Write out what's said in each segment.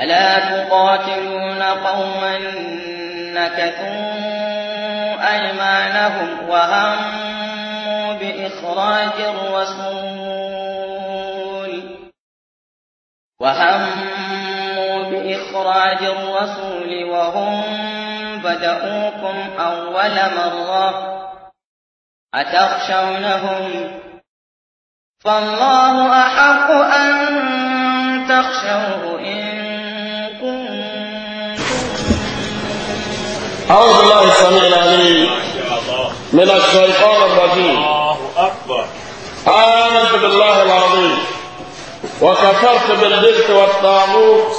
ألا تقاتلون قوما نكثوا أيمانهم وهموا بإخراج الرسول وهموا بإخراج الرسول وهم بدأوكم أول مرة أتخشونهم فالله أحق أن تخشوه إن أعوذ الله السميع العليم من الشيطان الرجيم الله أكبر آمنت بالله العظيم وكفرت بالبرك والطاغوت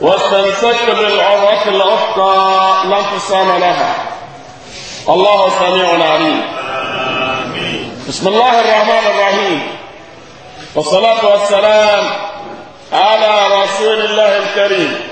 واستمسكت بالعروة الأخرى لا انفصام لها الله سميع عليم بسم الله الرحمن الرحيم والصلاة والسلام على رسول الله الكريم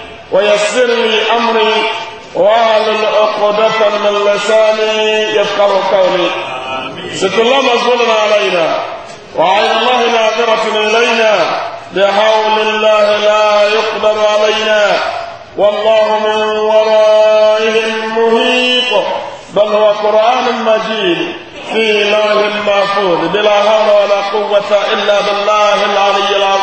ويسر لي أمري واعلم عقدة من لساني يفقه قولي ست الله مسؤول علينا وعلى الله ناظرة إلينا بحول الله لا يقدر علينا والله من ورائهم محيط بل هو قرآن مجيد في لوح محفوظ بلا حول ولا قوة إلا بالله العلي العظيم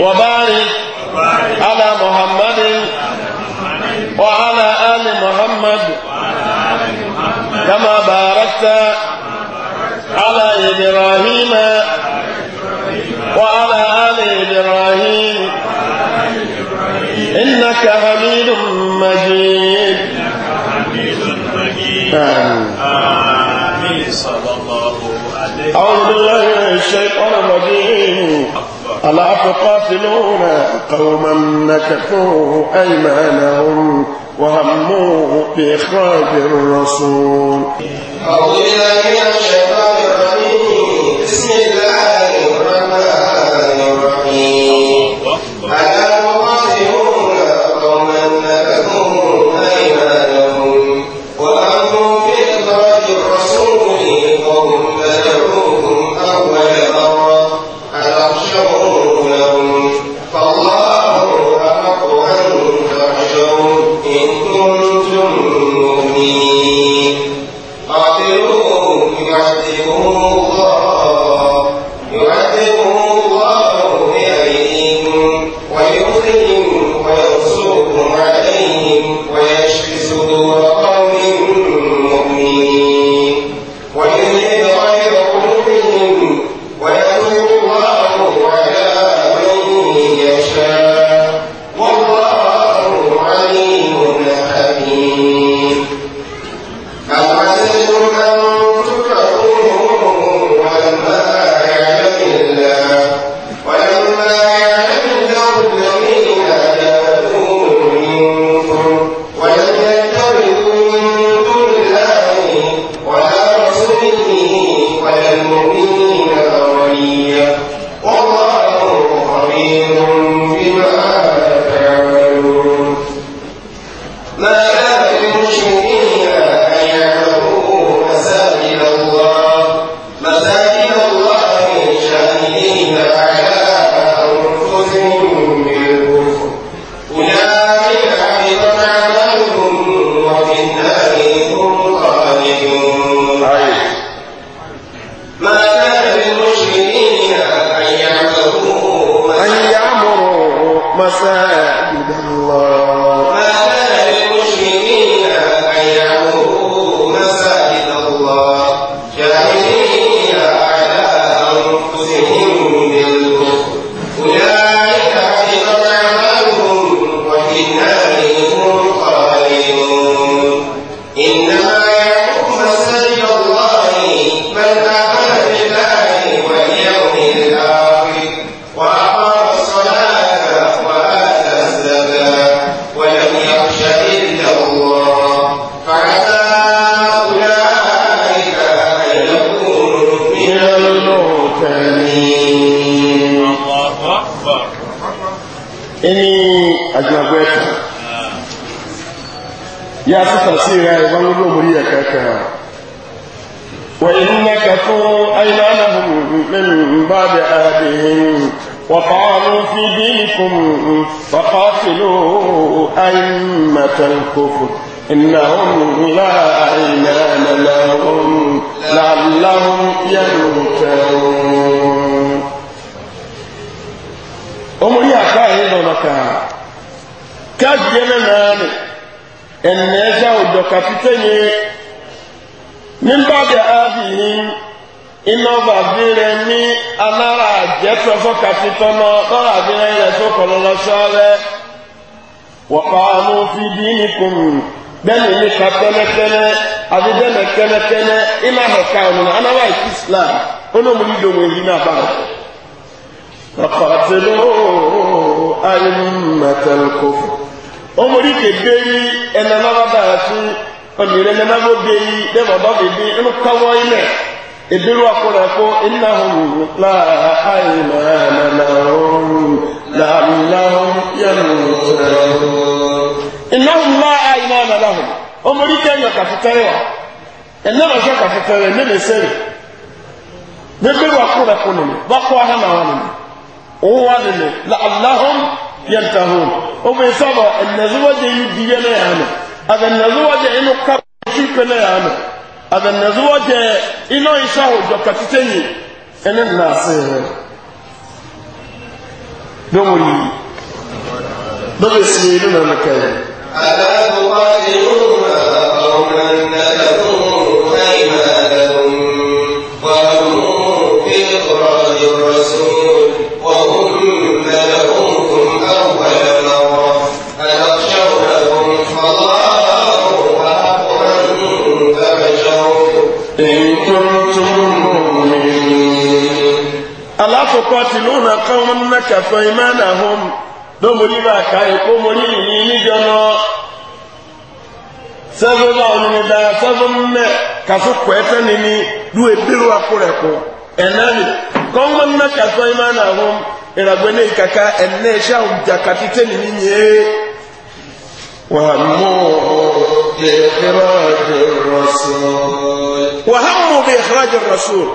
وبارك على محمد وعلى آل محمد كما باركت على إبراهيم وعلى آل إبراهيم إنك حميد مجيد آمين صلى الله عليه وسلم أعوذ بالله من الشيطان الرجيم ألا تقاتلون قوما نكثوا أيمانهم وهموا بإخراج الرسول أعوذ بالله من الشيطان الرجيم. من بعد أهلهم وطعنوا في دينكم فقاتلوا أئمة الكفر إنهم لا إيمان لهم لعلهم ينكرون أمري أكاهد لك كجل نامي النجا ودك فتني من بعد آبهم inọba bire ní anára jẹ́tọ̀ sọ́ka titọ́ náà lọ́ra bire rẹ̀ sọ́kọ̀ lọ́lọ́sọ́ rẹ̀ wọ̀páàmù fi bí ní kùmù bẹ́ẹ̀ni ní ka tẹ́lẹ̀tẹ́lẹ̀ àdídẹ́lẹ̀ tẹ́lẹ̀tẹ́lẹ̀ iná hẹ̀ka ọ̀nà anára ìkú islam olómùlí lòun èyí náà bá wọn. ọ̀pọ̀tẹ́lẹ̀ ayélujáfẹ́ ọmọdé kébé yìí bá sí bó dé ìbírú akọ̀rẹ̀kọ́ ináhùn láàáìmọ̀ràn láàrùn yẹnu ináhùn láàáìmọ̀ràn láàrùn ọmọdé kẹyọ kàfẹ́tẹ́rẹ́ ẹ̀nẹ́rọ̀ ṣe kàfẹ́tẹ́rẹ́ nílẹ̀ sẹ́rẹ̀ níbírú akọ̀rẹ̀kọ́ nínú bákọ́ ahánà wọn nínú òun wà nínú láàrùn yẹntahùn ọmọ ìsọ̀rọ̀ ẹ̀nẹ́zúwọ́jẹ̀ yìí di yẹn náà yàrá abẹnuduwọ jẹ iná iṣẹ òjò kàtútẹ yìí ẹni nà ase rẹ dọwọ yìí dọwọ esi yìí nínú ẹnìkan yìí. àlàbò wáyé ó rà ọ̀rọ̀ ويقاتلون قوما نكفوا إيمانهم نمري باكا يقومري إني جنا سبب أولي دا سبب كفوك ويتنني دو إبروا كوريكو ẹ̀nàmì kọ́ńgọ́n náà kàtọ́ ìmá náà hùm ìràgbẹ́ náà ìkàkà ẹ̀nà ẹ̀ṣẹ́ àwọn jàkàtí tẹ́lẹ̀ ní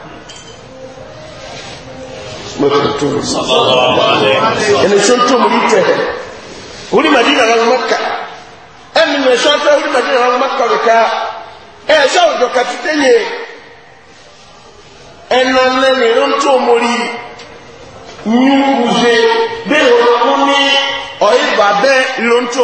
lọ́tọ̀tọ̀ ẹni tí ó tó mú yíjẹ orí màdínà lọ́wọ́ mọ́kà ẹni mẹ́ sọ́fẹ́ orí màdínà lọ́wọ́ mọ́kà rẹ̀ká ẹ ṣá òjò kàtútẹ́ yẹ ẹnà lẹ́nu ló ń tó mú rí nyúgbùzé bẹ́ẹ̀ ọmọ ní ọ̀yẹ́bà bẹ́ẹ̀ ló ń tó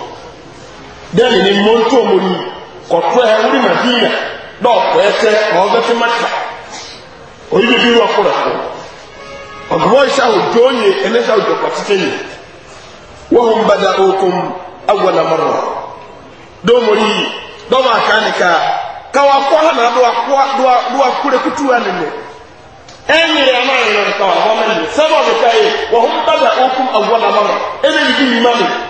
dẹ́ni ni mo ń tó mo ní kọ̀tọ́ ẹ ya màdínà lọ́ọ̀kọ́ ẹsẹ̀ ọ̀ọ́gbẹ́ fi má ta bi bí wọ́n kúrẹ̀ kọ́ ọ̀gbọ́n iṣẹ́ òjò yẹ ẹlẹ́sẹ̀ òjò pàtẹ́tẹ́ yẹ wọ́n ń bada okun awọlamọ́rọ̀ dọ́mọ yìí dọ́mọ àkànnìkà káwa kọ́ hànà bada okun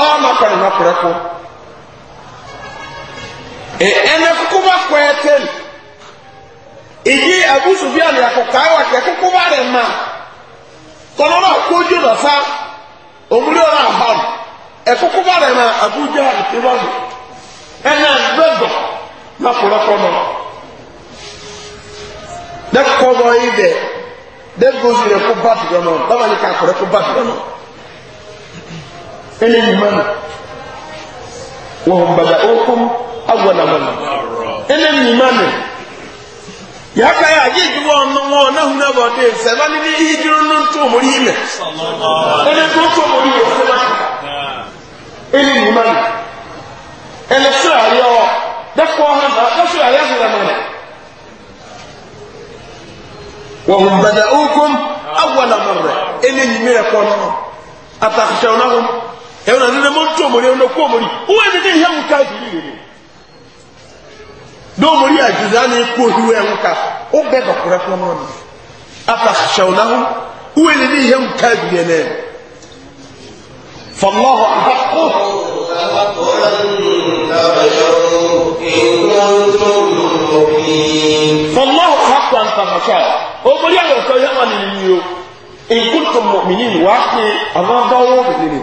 ama kɔni ma kɔrɛ ko e ɛnɛ kukuba kɔɛ ten ìdí abusu bíi àná ɛkɔkɔ awa kɛ kukuba ma kɔnɔ na kójú náà fa òmùlẹ̀ ɔrọ̀ àhàm ma abuja ìtura mi ɛnɛ gbɛgbɔ ma kɔrɛ kɔnɔ ne kɔbɔ yi dɛ ne gosi ba nɔ ɛnɛ nyuma no wɔn bada okom na ma no ɛnɛ nyuma no yàtọ̀ yà ayé ìdúró ọ̀nà wọn ọ̀nàhùn náà bọ̀ dé sẹ́fà níbi ìdúró ló ń tó omori yìí mẹ́ ẹni tó ń tó omori yìí sẹ́fà ẹni nyuma no ɛnɛ sọ̀rọ̀ ayé na na ma no ẹ̀rọ náà nínú mọ́tò òmòrí ẹ̀rọ kú òmòrí wọ́n ti dé ìyá wọn ká ìdílé rẹ̀ ní òmòrí àjùzá ní kú òhìwé ẹ̀wọ̀n ká ó bẹ́ dọ̀kúrẹ́ fún ọmọ mi afa ṣàwùnáhùn wọ́n ti dé ìyá wọn ká ìdílé rẹ̀ fọlọ́hùn àkókò. fọlọ́hùn àkókò àǹtàmọ̀ṣà òmòrí àyọ̀kọ̀ yẹ́wọ̀n nìyí o èkútùmọ̀ mìíràn wá pé àwọn bá wọ́n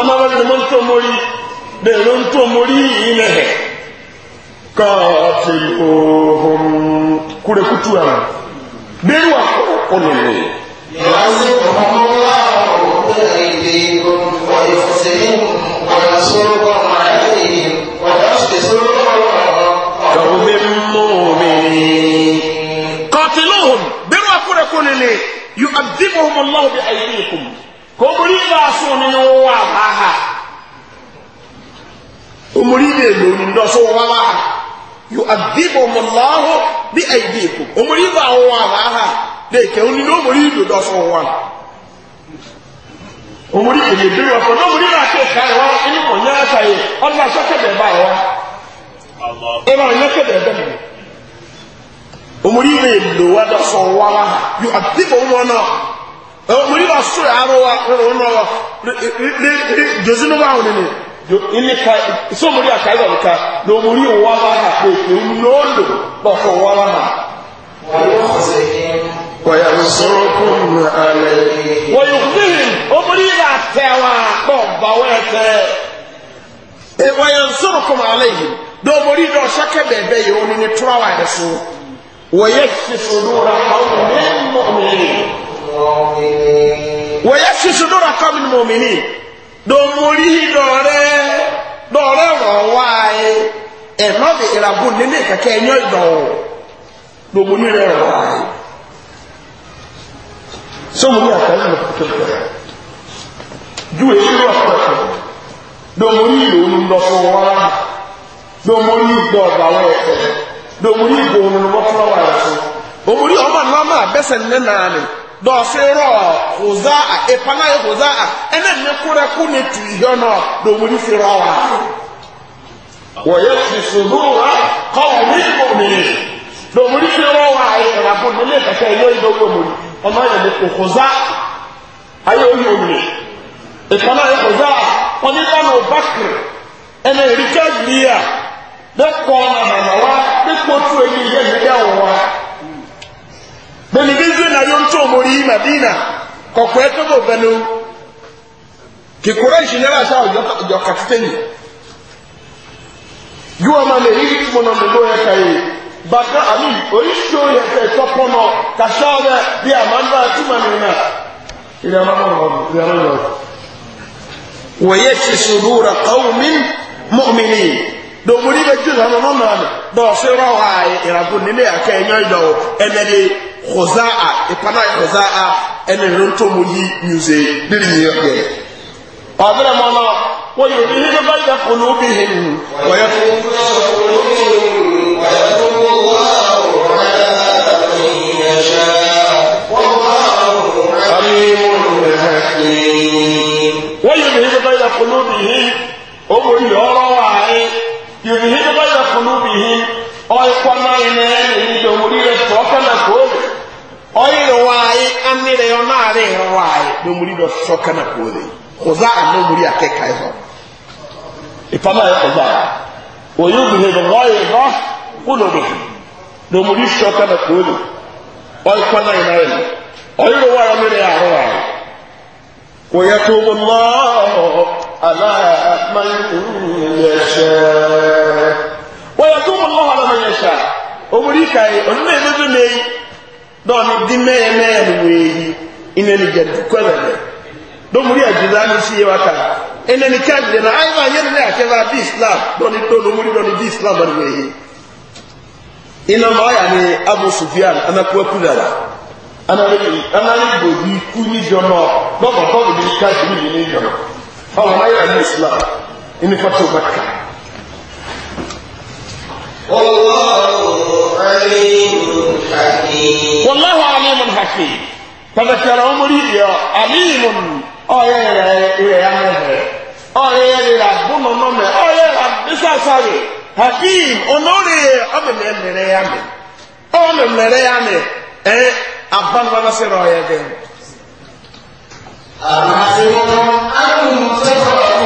amabali ni mo ń tó mori bẹ́ẹ̀ ló ń tó mori yìí lẹ̀ hẹ̀ káàtì òhun kúrẹ́kútù àná bẹ́ẹ̀ wà kó ọ̀nàmọ̀ yìí. yàtí ọmọ wa ò bẹ̀rẹ̀ omuli baaso ne ne wowa abaha omuli beeloni ndɔso wowa abaha yu'adhibuhum allahu biaydikum omuli baawowa abaha leke oni ne omuli do dɔso wowa omuli bebe bebe ɔfɔ ne omuli omuli basu arowa ronowa jozinoba onene inika so omuli akaiwa buka n'omuli owabaha olulondo bako owabaha وينصركم عليه ويغنيهم أمري لا توا بابا ويتا وينصركم عليهم دو مري دو شكا بيبي يوني نتروا ويدسو ويكفي صدور قوم مؤمنين wòye susu dora kọ́mi ni mòmìnì domori dọ̀rẹ́ dọ̀rẹ́ rọ̀ wáyé ẹ̀nọ́ bi ìràbù nílé kẹ̀kẹ́ ẹ̀yọ́ ìdọ̀wọ̀ domori rẹ̀ rọ̀ wáyé sọmọdé àkàrà ní kòtò ìgbà juwe suru ọ̀pọ̀lọpọ̀ domori ìlú olùdọ̀fọ̀ wọ́n domori domori ìgbọ̀ wọ́n dɔɔsirɔ hozaa epana yɛ hozaa ɛnɛ nnekorɛ ko ne tu ihɛ nɔ domuni firɔ wa. wɔyɛ sisunu wa kɔn mi bomini domuni firɔ wa ayi ɛna ko ne yɛ yɛ yɛ ne ayɛ epana yɛ ɔne ɔbakiri erika na na wa ne tu yɛ bẹẹni bí zina yóò ń tó omori yìí madina kọkọ ẹ tó bò bẹni o kíkúrẹ́ ìṣìlẹ́rẹ́ àṣà ọjọ́ kàtítẹ́yì yóò ọmọ mi èyí tó mọ̀nà mi lóye kàyé bàtà àmì oríṣi òye fẹ́ tọ́pọ̀ náà kàṣà rẹ bí àmàlà túmọ̀ mi náà ilé ọmọ mọ̀ mọ̀ ilé ọmọ mọ̀ wòye ti sùúrù rẹ kàwọn mi mọ̀mìnì dòmòrí bẹ jù sàmọ́ mọ̀ mọ̀ dọ̀ọ̀sẹ̀ rọ̀ wáyé ìràgùn nílé àkẹ́ ẹ̀yán ìdọ̀wọ̀ ẹ̀mẹ́lẹ́ khuzaa ipana khuzaa ɛne rontomo yi nyuze diri yi yɛ ɔbɛrɛ mɔ no wɔyɛ obi yi bɛ yɛ kolo bi hin wɔyɛ wɔyɛ obi yi bɛ yɛ kolo bi hin ɔmɔ yi ɔrɔ wa yi obi yi bɛ yɛ kolo bi hin ɔyɛ kɔn. ẹ̀yọ náà rẹ̀ ẹ̀rọ ààyè ló mú rí lọ sọ kánà kó lè kòzá àná mú rí akẹ́kọ̀ọ́ ẹ̀họ́ ìpamọ́ ẹ̀ kòzá òye obìnrin ló rọ ìrọ kó lò lò ló mú rí sọ kánà kó lè ọ̀yẹ́ kọ́ tó dɔɔni di mɛyɛ mɛyɛ ni wee yi ina ni gɛ dukɔ lɛ lɛ ajuda ni si ye wa ka ina ni kɛ gɛlɛ ayi ma yɛlɛ ne y'a kɛ ba di islam dɔɔni do lomuri dɔɔni di islam ba ni wee yi ina ma ya ni abu sufiyan ana kuwa e, kula la ana ni ana ni ku ni jɔnɔ ni ni islam ina والله عليم حكيم فذكرهم لي عليم اه يا يا يا يا اه يا يا ربنا نم اه يا رب ساساري حكيم اونوري ام ملره يا مي ام ملره يا مي ايه ابان ولا سيرو يا دين أما سيرو أنتم تقرأون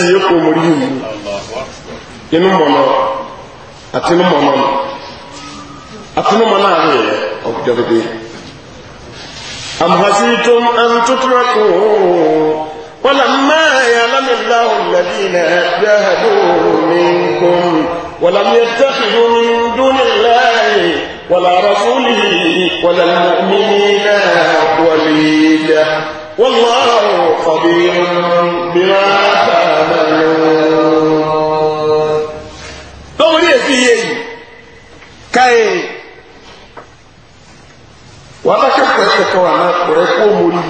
ẹ̀sìn yóò kó mọ̀rí yìí mú inú mọ̀nà àti inú mọ̀nà àti inú mọ̀nà àárẹ̀ ọ̀gbẹ̀dẹ̀ amhasitum an tutraku ولما يعلم الله الذين جاهدوا منكم ولم يتخذوا من دون الله ولا رسوله ولا المؤمنين وليدا والله خبير بما تعملون تعملون دوري في كاي وما شفتك وما قريت ومولي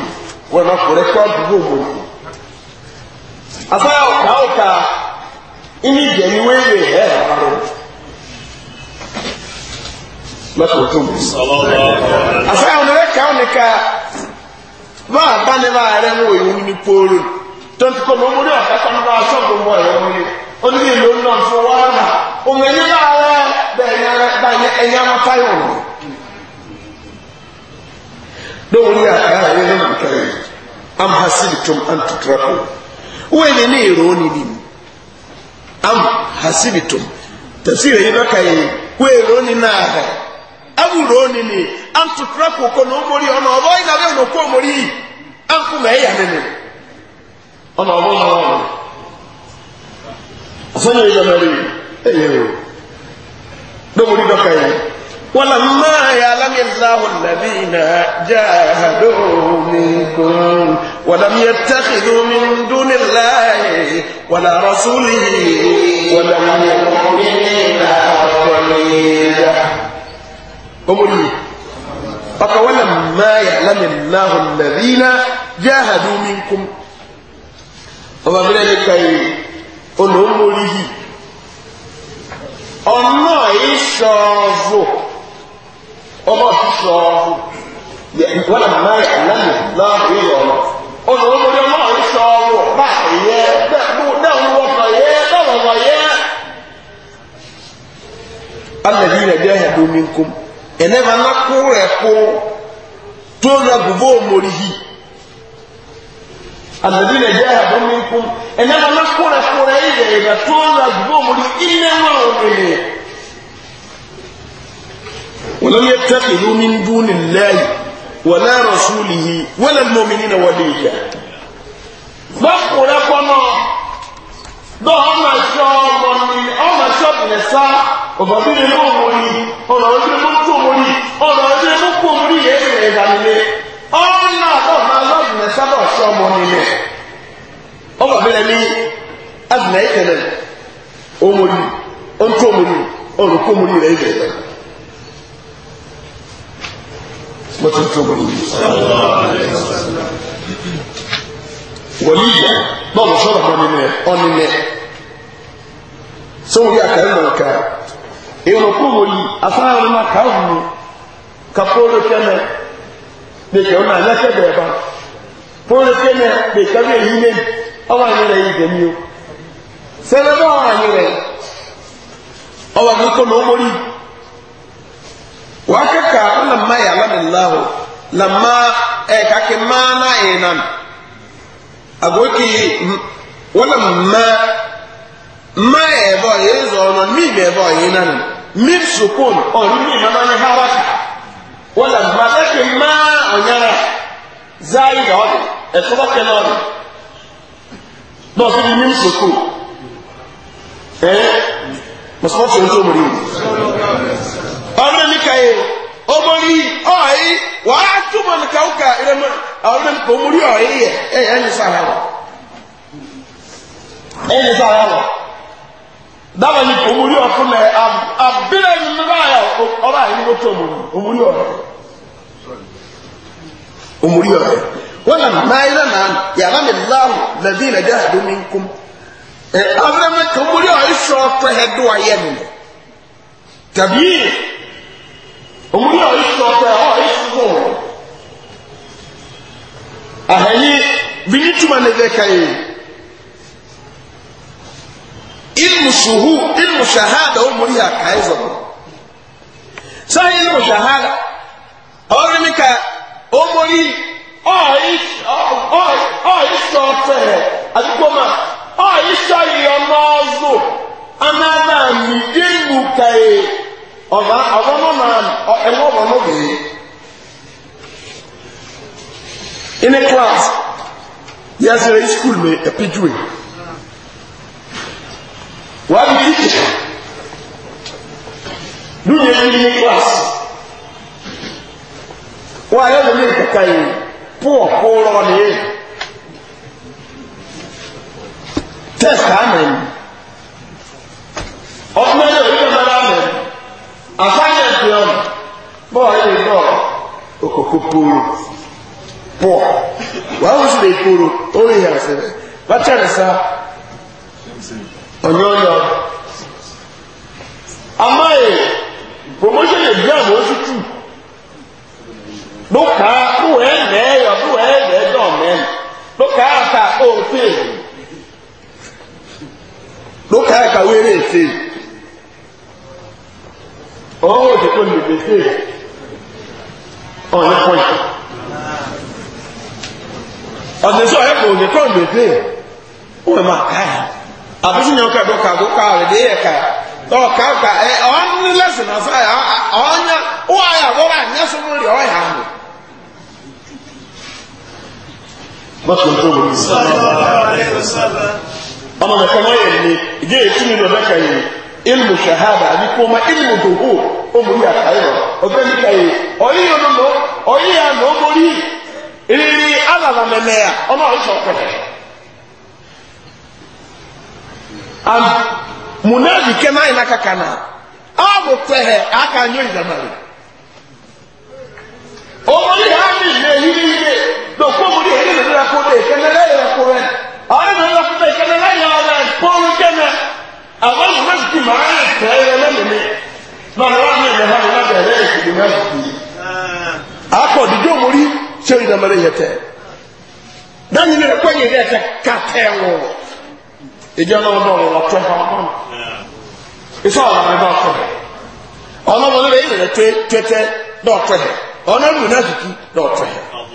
وما قريت ومولي أصلا أوكا إني جنوي هذا lọ́sọ̀tún. Àṣà àwọn ọmọ ẹ̀ka ọ̀nìkà bá àbánibá rẹ̀ ń wòye ní pólù. tonti ko lomori ọ̀sẹ̀ kan bá aṣọ onye ẹ̀rọ wọlé oníbi ìlú ńlọ fún wa náà òun ẹ̀yẹ láàárọ̀ bẹ́ẹ̀ na. àwọn fáyọ̀ rẹ̀ lóhùn ya na ẹ̀yẹ lóhùn nǹkan yìí am hasili an tutraku am ọ̀nà ọ̀bọ̀n náà wọ̀n ọ̀sọ́nyẹ̀ ìdọ̀mẹ̀rẹ̀ ẹ̀yẹ̀ o lómúrí dọ́kà yẹn wọ́n là máa yà lámì láhùn nàbí nà já àdó mi kún wọ́n là mi tẹ́kì lómi dúní láàyè wọ́n là rọ́súlì wọ́n là mi kúrì nà kọ́lẹ́yà. ọmọdé ọkọ̀ wọ́n là máa yà lámì láhùn nàbí nà já àdó mi kún. ọba bẹrẹ ní kàyé olóńgbòrí yìí ọ̀nà ìṣọ̀ọ̀fù ọmọ ìṣọ̀ọ̀fù wọn àmì náà ìlànà náà ìyọ̀ ọ̀nà olóńgbòrí ọmọ ìṣọ̀ọ̀fù bá yẹ dáhùn wọ̀kọ̀ yẹ dáhùn wọ̀ yẹ. alẹ́ yìí rẹ̀ bí ẹ̀hẹ̀ domi nkún ẹ̀ náà bá náà kó rẹ̀ kó gbogbo òmòrí yìí. الذين جاهدوا منكم انما نشكر قريبا اذا تولى بهم الا مؤمنين ولم يتخذوا من دون الله ولا رسوله ولا المؤمنين وليا بقوا لكم dɔw ɔma sɔ ɔmɔni ɔma sɔ bìnnɛsa ɔbɔbi ni mo wòli ɔlɔdi ni mo tó wòli ɔlɔdi sọ ọmọ nínú ọmọ abẹ́rẹ́ ní azìnà ìtẹ̀lẹ̀ ọmọdé ọ̀ntú ọmọdé ọ̀rùkọ́ ọmọdé rẹ̀ ìbẹ̀rẹ̀ mọ́tò tó ọmọdé yìí. wọ́n yíyá bọ́ọ̀lù sọ̀rọ̀ ọmọ nínú ọ̀nínú sọ́wọ́n yà kàrí mọ̀ nǹkan ìrùkọ́ ọmọdé afárànmá kàrùn-ún kàfọ́ ló fẹ́ lè kẹ́ náà lẹ́sẹ̀ bẹ̀rẹ̀ bá. fóònù tí ẹnẹ lè tẹ́lẹ̀ èyí ní ọwọ́ àyè rẹ̀ yìí dẹ̀mí o sẹ́lẹ̀ bá ọwọ́ àyè rẹ̀ ọwọ́ àyè kọ́ lọ́wọ́ mórí wàá kẹ́kà ọ̀nà máyà alábìláhù ma na kàkẹ́ máa náà ẹ̀ nà àgókè wọ́n mma mma ẹ̀ bọ̀ yẹ ẹ̀ zọ̀ ọ̀nà mí bẹ̀ bọ̀ yẹ nà nà mí sùpọ̀n ọ̀nà mí mma ɛtɔba kɛnɛ ɔni dɔɔso bi nim soko ɛɛ mɔsɔn fɛn tó mori ɔno ni ka ye ɔmori ɔyi wàá túmọ̀ ní kaw ka ɛrɛmɛ ɔno ni ɔmori ɔyi yɛ ɛyɛ ɛyɛ sɔ ara wa ɛyɛ sɔ ara wa dábàá ni ɔmori ɔtún lɛ abilẹ nínú ayà ɔbɛ ayé ni wọ́n tó ɔmori ɔmori ɔyɛ ɔmori ɔyɛ. ولما إلى من يعلم الله الذين جاهدوا منكم إيه، أبرم كمولي عيشوا فهدوا عيامنا تبيين أمولي عيشوا فهدوا عيشوا أهلي بنيتما لذكاين ilmu shuhu ilmu shahada o muri akaye zɔbɔ ilmu shahada ɔwɔ mi ka o muri ọ̀ìṣọ́ ọ̀fẹ́ àdúgbòmá ọ̀ìṣọ́ ìyọmọ ọ̀zọ anáda mi dénú kàyé ọ̀bá ọ̀bọ̀nọ́mà ẹ̀wọ̀ ọ̀bọ̀nọ́bìnrin. in a class yẹsẹrẹ school mi ẹpẹjuwe wàá bí tíkì lóye ní class wàá yẹ lómi ìkàkà yìí púọ̀ kúrọ̀ ní tẹ́sì àmìn ọdún ẹ̀yẹ orí ọ̀dọ́ àmìn àfáyẹ̀ fi ọ̀nà bọ́ọ̀ ilé bọ́ òkòkò púrò púọ̀ wàá wọ́n sì lè púrò orí ìhà sẹ́rẹ̀ bàtẹ́rẹ̀ sá ọ̀nyọ́nyọ́ àmáyé promotion exam ó sì t lóka lóhùn ẹ̀ẹ́dẹ́yọ lóhùn ẹ̀ẹ́dẹ́yọ mẹ́rin lóka ata òfé lóka ẹ̀kawé rẹ̀ ṣe ọ̀hún òṣèkò nìgbè ṣe ọ̀hún pọ́ǹtì ọ̀dẹ̀sọ ẹ̀kọ́ òṣèkò nìgbè wọ́n máa ká yà àbúṣe yẹn kẹ́ lóka lóka rẹ̀ dé yẹ ká lọ́ọ̀ká ká ẹ̀ ọ̀hún ní lẹ́sìn náà sáyà ọ̀hún yẹn wọ́n ayà wọ́n rà ní ẹ̀sùn lórí ọ̀hún yà bọ́sùn tó wù mí. ọmọ mi kọ́ wáyé ni ìdí ètí mi lọ́dọ̀ yìí ilmu shahada àbí kó ma ilmu dòwò ọmọ yìí lọ ọgbẹ́ mi yìí ọyí yóò lọ ọyí yà lọ alàlà ọmọ pẹ̀lẹ́. munadi dòkó mu di èyí nìyẹn kó dé kẹmẹ lẹyìn ẹkọ rẹ àwọn ẹni lọ fún mi kẹmẹ lẹyìn ọrẹ pọnrú kẹmẹ àwọn ẹni lọ sí màá yẹ tẹ ẹ lẹmìí lọnà wà ní ìlẹ hàn lọdẹ ẹ lẹyìn ìdìbò náà dùkú yìí. akọ dídó mo rí ṣé ìdàmẹrẹ yẹ tẹ dání ní ẹkọ yẹ yẹ tẹ kàtẹ wọ ìjọ náà wọn bọ wọn wọ tẹ ọ mọ ìṣọ ọ̀rọ̀ mi bá tọ̀ ọ̀nà wọn lè yẹ tẹ tẹ dọ̀tọ̀ yẹ ọ̀nà ìlú náà dùkú dọ̀tọ̀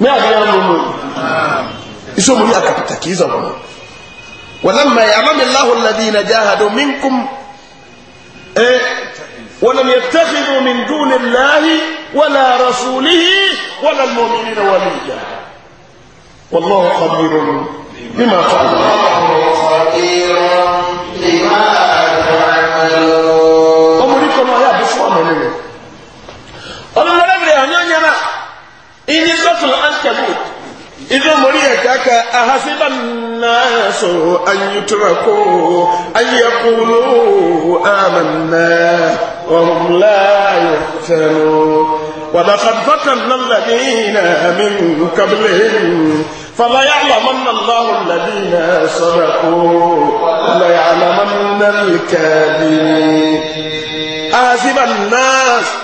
me ahyia no mu iso mu aka patakiza wɔn ولما يعلم الله الذين جاهدوا منكم إيه ولم يتخذوا من دون الله ولا رسوله ولا المؤمنين وليا والله خبير بما تعملون خبير بما تعملون أمريكا ما يعرف أمريكا ini sọ́tún ankebut ibi mori yẹ kaka ahasiba nnaaso anyuturako ayakulu amanna wàhùnláyò fẹnu wàdàkàd fatan nàlàdínà min kabilẹ̀hìn fàlàyà àlàmánà lọ́hùn nàdínà sọ́dàkó wàlàyà àlàmánà kàbí ahasiba nnaaso.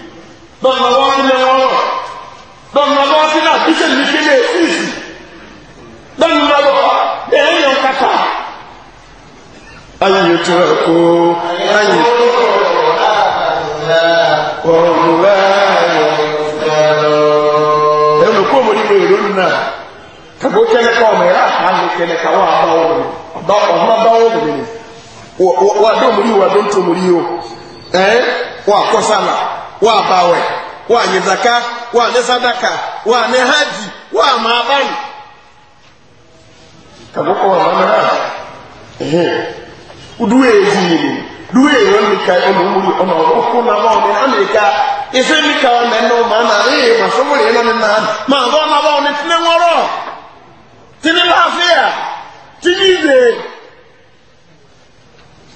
dɔnna wɔɔri lɛ wɔɔrɔ dɔnna wɔɔri la bisɛ mi kele sisi dɔnna wɔ ɛyɛ yɛn kata. ayi tó ko ayi tó ko wà lọ. ɛnu kó mo ní mo èrò nù náà kàbó kẹlẹ kọ ọmọ yẹn àtàn mi kẹlẹ kàwọn àbáwọ mi ọmọ àbáwọ mi ni wà dó mo wà dó tó mo o. eh wa kosala wa bawe wa ni zaka wa sadaka wa ni haji wa maabani wa mama eh uduwe ezini duwe yon ka ono muri ono ko na ba ni amerika ise mi ka wa na ma so muri no na ma ba na ba ni tne ngoro tini lafia tini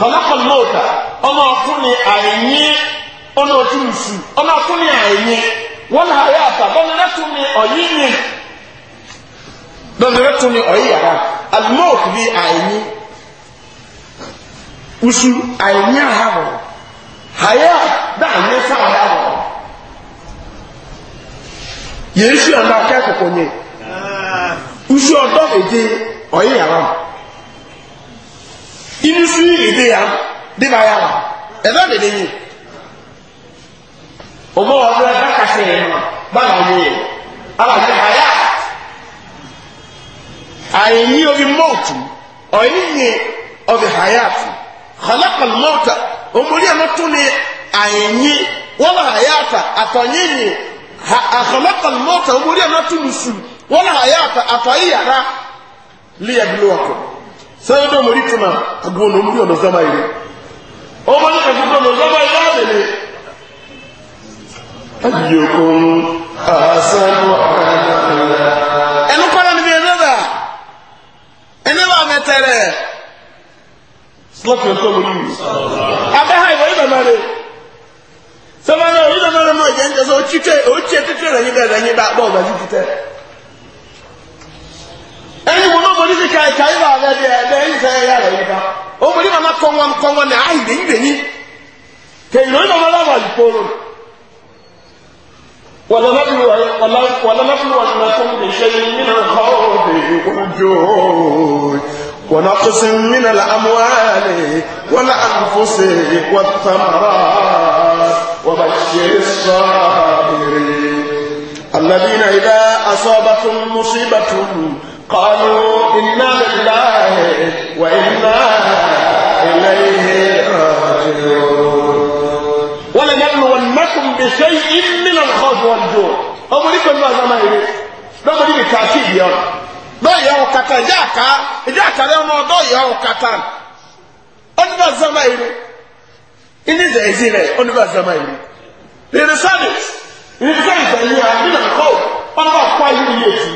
kọlákọ a ọmọ ọtún ni àìyé ọmọ ọmọ ọtún ni àìyé wọn náà yà àtà bọ́ọ̀nù lẹ́tún ni ọ̀yí ni bọ́ọ̀nù lẹ́tún ni ọ̀yí yàrá àlùmọ́ọ̀tù bíi àìyé inú sí ìdí ya dí bá yà wà ẹ̀fẹ́ dèdè yìí ọmọ ọdún ẹgbẹ́ kàṣẹ yẹn mọ báwa ni yẹn alájọ àyà àyìnyí omi mọ́ọ̀tù ọ̀yìnyí ọ̀bì hayàtù kọlọ́kọ̀lù mọ́ọ̀tà ọmọdé ẹ̀mọ́ tún ní àyìnyí wọ́n bá hayàtà àtọ̀yìnyí kọlọ́kọ̀lù mọ́ọ̀tà ọmọdé ẹ̀mọ́ tún ní sùn wọ́n hayàtà àtọ̀yìyàrá lẹ́yìn ẹ̀dínlọ́kọ̀ọ́ sẹ́yìn tó mọ̀rí tó náà agbó ní omi ọ̀nà sọ́mà yìí ọmọ ní kàkúkọ̀ ọ̀nà sọ́mà yìí láàbẹ̀ ni. ayọ̀kùn àṣàlù àkàlà. ẹnu kọ́lá níbi ẹ̀rọ rà ẹni bá mẹ́tẹ̀rẹ̀. slọ́kì tó mọ̀ ní. abẹ́hà ìwọ yìí bàbá rẹ̀ sọ́mà náà yìí bàbá rẹ̀ mọ̀ ìjẹ́njẹ́ sọ ó títẹ̀ ó títẹ̀ rẹ̀ yín bẹ̀rẹ̀ yín bá bọ́ọ̀ bá yín ẹni wọn náà mọ̀lẹ́sì ká ẹ̀ka ìwà rẹ̀ bí ẹ̀bẹ̀ ẹ̀yìn fẹ́ ẹ̀yà rẹ̀ yẹba ó mọ̀lẹ́ màmá kọ́ngọ́n kọ́ngọ́n ní àìdè ìdèyí kèyìn lóyún ọmọ aláwọ̀ àdìpọ̀rọ̀ ونقص من الأموال والأنفس والثمرات وبشر الصابرين الذين إذا أصابتهم مصيبة قالوا إنا لله وإنا إليه راجعون ولنبلونكم بشيء من الخوف والجوع أو لكم ما زمان lọ́mọ níbi ká sí ìyá ọ̀rọ̀ lọ́ọ̀yà ọ̀kàtà ìjà àká ìjà àká lẹ́wọ̀n náà lọ́ọ̀yà ọ̀kàtà ọ̀nìbà zama ìlú ìní zẹ̀ẹ́sì rẹ̀ ọ̀nìbà zama ìlú ìrìnsẹ́lẹ̀ ìrìnsẹ́lẹ̀ ìgbà yìí à nínú ẹ̀kọ́ ọ̀nìbà kọ́ ìlú yìí èsì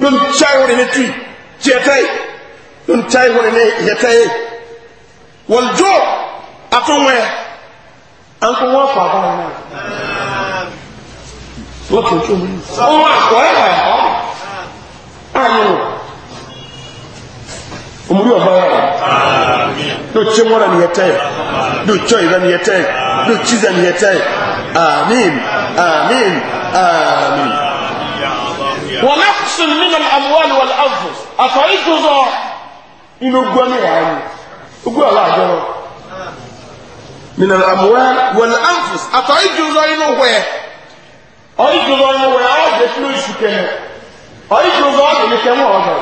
don chai wani tui chetai don chai wani ne yetai wal jo atun we an ko wa fa ba na wa ko chu mun o wa ko e ba ayo umuri wa ba amin do che wala ni yetai do choi ba ni yetai do chiza ni yetai amin amin amin, amin. ونفس من الأموال والأنفس أفعيت ذا إنه قواني يعني أقول الله جمع من الأموال والأنفس أفعيت ذا إنه وين أريد ذا إنه وين أريد فلوس كنه أريد ذا إنه كم هذا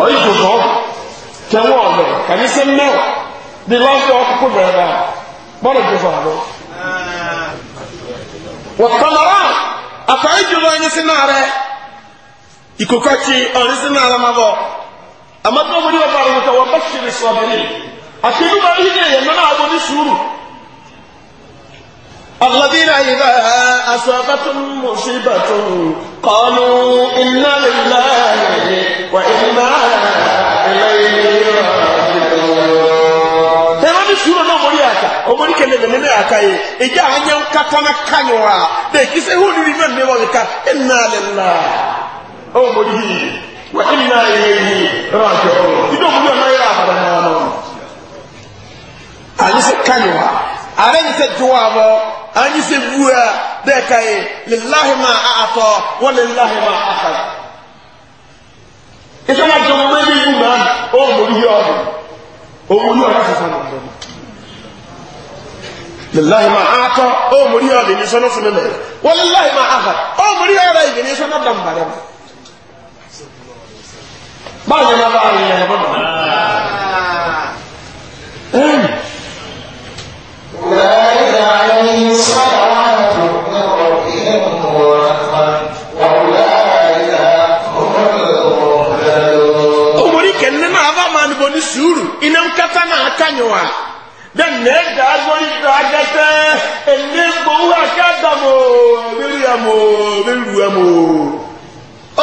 أريد ذا كم هذا كان يسمى the last of بارك الله فيك والثمرات afaayi jolo anyi si naare ikokɔkyi ɔni si naare ma bɔ amadu ɔmo ni ɔbaare mo ta wɔn bɛ siri sɔbiri ati ebi ma yi yɛ mɛ naa bɔ ni suuru الذين إذا أصابتهم مصيبة قالوا إنا لله وإنا إليه راجعون suro na omori aka omori kele ne ne aka ye eja anya nkata na kanyo a de kise hu ni na ne wa ka inna lillah omori wa inna ilayhi raji'un ido mu na ya abada na no ani se kanyo a are ni se duwa bo ani se bua de ka ye lillahi ma a'ata wa lillahi ma akhadha ìṣẹ́lá jọmọ mẹ́rin ìgbà ọmọ orí ọdún òun ní ọ̀rá sísan ọ̀dọ̀ lillahi ma aata o muri yɔ de ni sɔnna sɔnna mɛ walilahi ma aha o muri yɔ de ni sɔnna damba dɛ ba ɲɛna ba ɲɛna ba ma ɛn. أولئك عليهم صلوات من ربهم ورحمة وأولئك هم المهتدون. أمريكا إنما أفهم أن بني سوري إنما كتنا أكانيوا then next day agbori to agẹtẹ ẹni gbowó akẹ́dọ̀mọ̀ bẹ́rù yà mọ̀ bẹ́rù yà mọ̀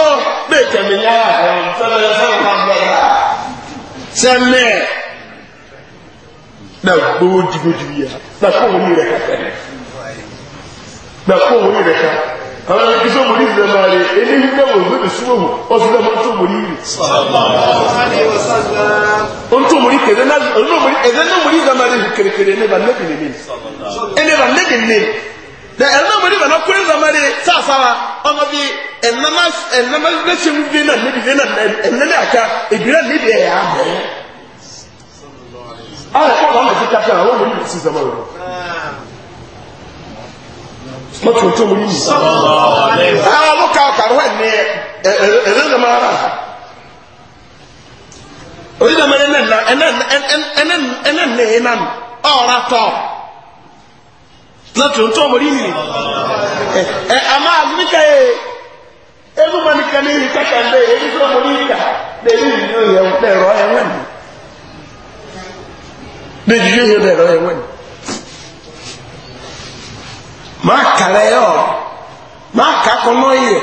ọ bẹ́ẹ̀ tẹ̀mí yà sẹ́lẹ̀ sẹ́lẹ̀ náà bẹ̀rẹ̀ sẹ́lẹ̀ náà gbowó dìgbòdìgbò yà náà kó wọ́n yìí rẹ̀ ká náà kó wọ́n yìí rẹ̀ ká àwọn ìṣẹ́ òmòrí ìṣẹ́ máa rẹ̀ ilé ìgbẹ̀wò ìgbẹ̀bẹ̀ súnmọ̀wò ọdún ọmọ tó òmòrí rẹ̀ o e o tó òmòrí kèrè náà ẹ̀dẹ́ náà òmòrí ìṣẹ́ máa rẹ̀ kèrèkèrè ẹ̀nẹ́bà lẹ́bìnrin ní ẹ̀nẹ́bà lẹ́bìnrin ní ẹ̀nà òmòrí ìbànú kúrẹ́ ìṣẹ́ máa rẹ̀ sáàsára ọmọ bí ẹ̀nàmá lẹ́sẹ̀ mú bí náà lẹ́bìnrin náà ẹ̀nẹ́lẹ́ àká ìbí mọ́tò tó mú yìí. aa ló ka kàrọ́ ẹ̀ ní ẹ̀rẹ́ ní mara. orí dàmé ẹ̀nẹ́ nà ẹ̀nẹ́ ẹ̀nẹ́ ẹ̀nẹ́ nà ẹ̀ nàn ọ̀rá tọ̀ lọ́tò tó mú yìí. ẹ̀ àmà àgbẹ̀kẹ̀ yẹ ebi mani kani yi kaka nde ebi tó mú yìí kà lè yí yìí yẹ ẹ̀rọ ẹ̀ wẹ̀ ní. lè yí yìí yẹ ẹ̀rọ ẹ̀ wẹ̀ ní. máa kàrẹ́ yọ máa kàkọ́ náà yẹ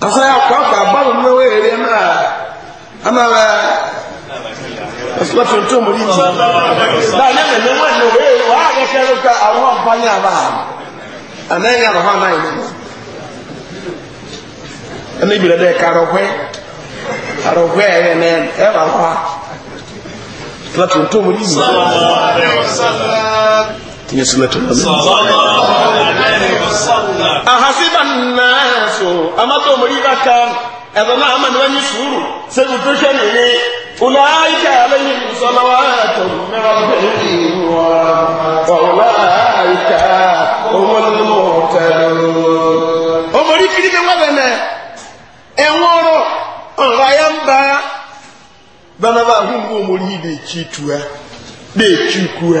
kasaya kọ́ àpá báwo ni wọ́n èrè náà ana rẹ̀ ẹ̀sùn tuntun mú ní jì láàyè mẹ́lẹ́ wọ́n ní wọ́n èrè wọ́n á yẹ kẹ́rù ká àwọn àǹfààní àbá àná ẹ̀yà rọ̀ hàn náà yẹ يا سنة الله صلى الله عليه وسلم أحسب الناس أما تمريبا كان أبا ما أمن وأن يسهروا سيدوشني أولئك عليهم صلوات من ربهم وأولئك هم المهتدون أمري كريم وبنا أمورو أنغيامبا بنا بهم أمري بيتشيتوا بيتشيكوا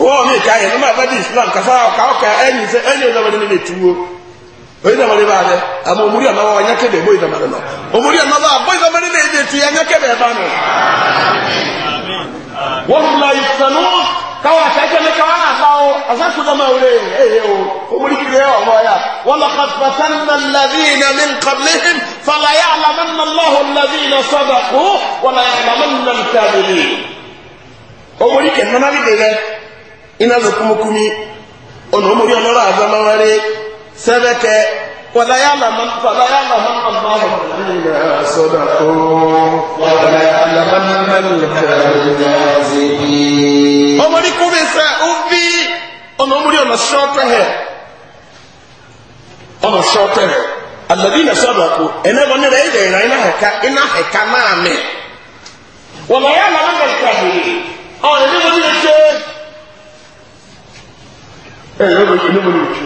wọ́n mi ka yẹn mọ́mọ́ abẹ́dì islam kasa ọ̀ka ọ̀ka ẹ̀yìn sẹ ẹ̀yìn ọ̀dọ́mọdé níbi tuwo oyinamọdé bá dẹ àmọ omori àmọ wọn ẹ̀yà kébè bó ìdọ̀mọdé lọ omori àmọ bá bó ìdọ̀mọdé lè dè tu ẹ̀yà kébè bá nù. wọ́n mú la ìsànú káwọn mi káwọn àbá o àsàkùdọ́mọ òde ẹ̀yẹ o omori kiri ọmọ ya wọ́n lọ kàtàkùn nàlàdínà mi nkàbílẹ́hìn fàlàyé àlàmánà lọ́hùn nàlàdínà sọ́dọ̀ kú wọ́n lọ yàrá mọ́nà nkàbílẹ́ omori kẹ̀ nánà bí dè lẹ́ inazo kumukumi ono muri onora azama wari sebeke wala yala man fala yala man allah alladhina sadaqu wala yala man al-kadhibin omuri kubisa uvi ono muri ono shota he ono shota he alladhina sadaqu ene bonne reide ina heka ina heka mame wala yala man al-kadhibin ono ni mo ni ẹ̀rọ ló yẹ lómo lòtú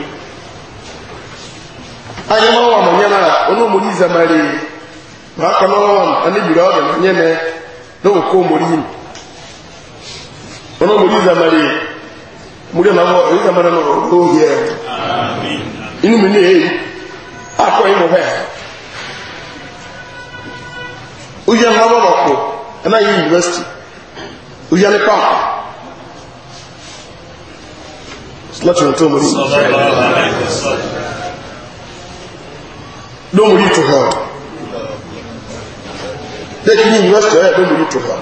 ayé wọn wà mọ̀ nyẹ́nà onímọ̀ ní zamari màá kọ́ náà wọn anábìrì ọ̀dọ̀ mọ̀ nyẹ́nà lọ́wọ́ kó mọ̀rí yìí onímọ̀ ní zamari múlò náà wọ akọ láti ohun tó mú rí ló mú rí tó hàn lẹ́kí ní yunifásitì ọ̀rẹ́ ló mú rí tó hàn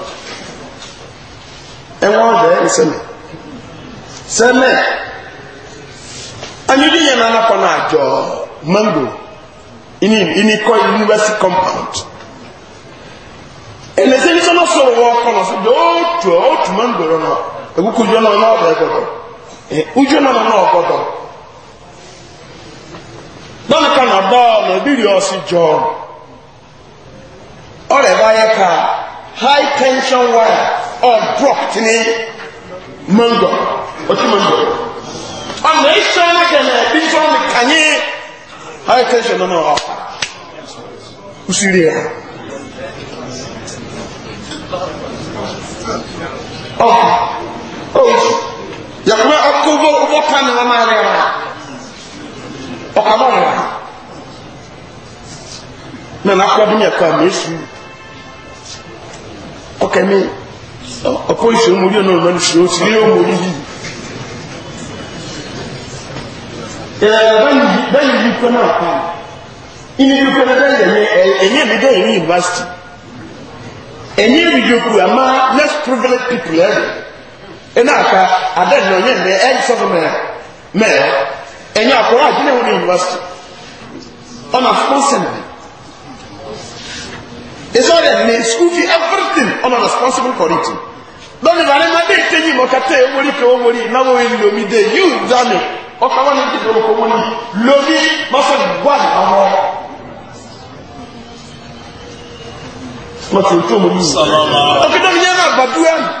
ẹwọ́n ọ̀dẹ́ ìsẹ́mẹ̀ sẹ́mẹ̀ anyidi yẹn náà kọ́ náà jọ mango ini ini kọ́ yunifásitì compound ẹnẹsẹ́ ní sọ́nà sọ̀rọ̀ wọ́n kọ́ náà sọ́jọ́ ó tù ó tù mango rẹ̀ náà egúkú yọ náà náà ọ̀dẹ́ gbọ́dọ̀. uju nọ na n'ọgọdọ dọnka na dọọ na ebiri ọsị jọọ ọrịa ayọ ka high tension wire ọ drop tini mango ọtí mango na ehyia n'oge na ebi fọm kanye high tension nọ n'ọfa usiri ya ọ ọ yakuma ɔkò bó bó pa ni wọn máa rẹ wa ɔkà mọ wọn na n'akɔ bi n'ɛkɔ àmì esu ɔkà mi ɔkò esu omo yi ɔnà ɔnà esu osi yi omo yi ɛɛ bɛyi bɛyi yi kɔ náà pa ìní yi kɔ náà bɛyi yɛ ɛyɛ ɛyɛ mi dɛ yɛ ní yunifásitì ɛyɛ mi dɛ kú àmà less privileged people ɛyɛ ɛna aka adan na ɔnyɛ mɛ ɛyɛ e sɔfo mɛ mɛ ɛnyɛ akɔrɔ agyina wɔn yunifasiti ɔna sponsor mi ɛsɛ ɔyɛ mɛ school fee everything ɔna responsible for it lọ́nà ìbàrẹ́ máa dé ìtẹ́ yìí mọ̀kátẹ́ ewúrí kan owó rí náwó ìlòmí dé yíò dámì de wọn ní ìdìbò olùkọ́ wọn ní lómi mọ́sọ̀ gbà àwọn ọmọ tó tó mọ̀ ní ìsọ̀rọ̀ ọkùnrin tó fi yẹn náà gbàdúrà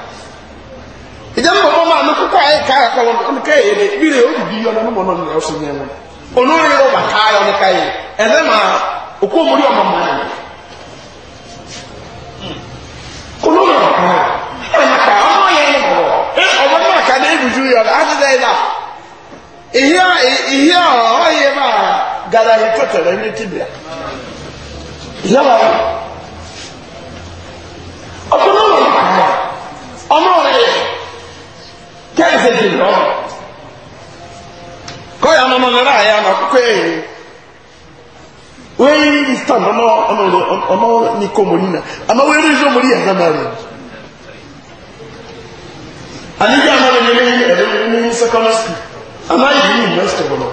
ìjẹ́ ka mọ́ máa nukú kọ́ ayé káyà kọ́lọ́ onye káyà yẹn bí rẹ̀ ó dìdí yọ nínú mọ̀nà ọ ọ̀sùn yẹn wọn. ònú ka yọ bà káyà ní káyà ẹ̀dẹ́ máa òkú ọmọ mọ́ ẹ̀. kúló yọ bà káyà ẹ̀yìn ká ọmọ yẹn ní bọ̀ ọmọ náà ká ní ibùdó yọ ní àti dẹ́yìn náà. ìhí yẹ gara yìí tó ní ọmọ kẹ́ẹ̀sẹ̀ ti lọ kọ́yà ọmọ nira àyà nà kókó ẹ̀yẹ wéyí istan ọmọ ọmọ ọmọ ní kòmòlì nà àmọ wéyí ní sọmọlì yà nà mẹ́rin àníjà àmọ́ ní ní ẹ̀rọ ní secondary school àmọ́ ìdí ní university wọlọ́.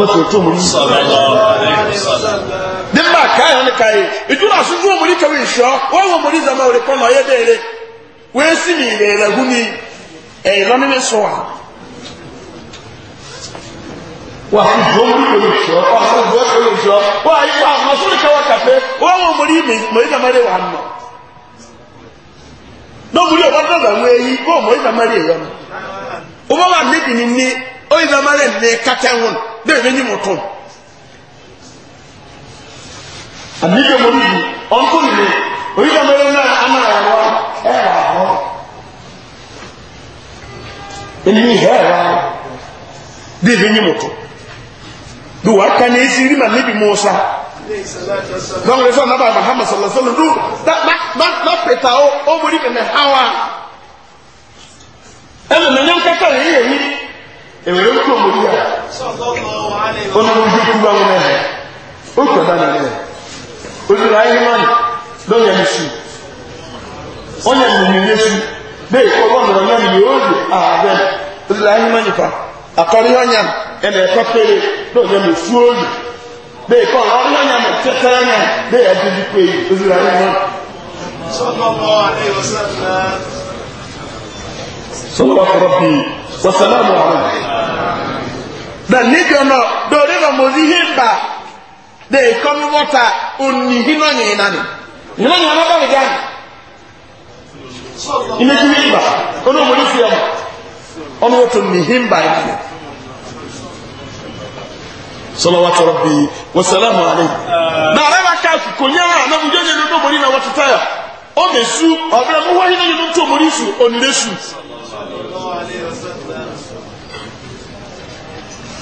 lọ́tọ̀ tó mú yìí. nígbà káyọ̀ ní káyé ìdúrà sójú òmùrí kẹwì ìṣọ́ wọ́n wọ òmùrí zàmà òrè kọ́ náà yẹ́dẹ̀ rẹ̀ wọ́n sì ní ilẹ̀ rẹ̀ hú ní ẹ̀yìn lọ́nà ní sọ wa. wà á fi dùn òmùrí kẹwì ìṣọ́ wà á fi dùn òmùrí kẹwì ìṣọ́ wà á yípa àwọn sórí kẹwà kàfẹ́ wọ́n wọ òmùrí mọ̀rí zàmà rẹ̀ wà á lọ́mùrí ọ̀bá dọ̀gà wọ bẹ́ẹ̀ bẹ́ẹ̀ ni mo tó. àbíkẹ́ mo níbi ọ̀nkọ́ mi oríṣi ọmọdé náà amára ẹ̀rọ ẹ̀rọ àwọ̀ èmi ìhẹ́ ẹ̀rọ bẹ́ẹ̀ bẹ́ẹ̀ ni mo tó. bí wàá ká ní mo sá. ma bá muhammad bá pèta ó ó mo ní hàn ewere oke omori a onye ndị ngwa nwere ha oke na ozuru nwanyị n'onye onye mmemme n'esi na ọgbọ ndọrọ ya mgbe oge ahụ ozuru ahịhịa nwanyị fa akọrọ ọnya ene ekọfere n'onye n'esi oge dee kọrọ ọrụ ọnya na tetere anya dee ya dị dịkwa eyi ozuru ahịhịa nwanyị صلى wasalamu alayhi na nígbà na dòrí nà mòdì hí mba dè kọ́mi wọ́tà òní hí náà yẹn nani yìí náà yẹn náà bá mi gán yìí náà hí mbà ọ̀nà òmòdì mba na ọ̀rẹ́ bá ká kò nyẹ́ wọn àná mo jẹ́ ọ esu ọ su ọ̀bẹ̀ su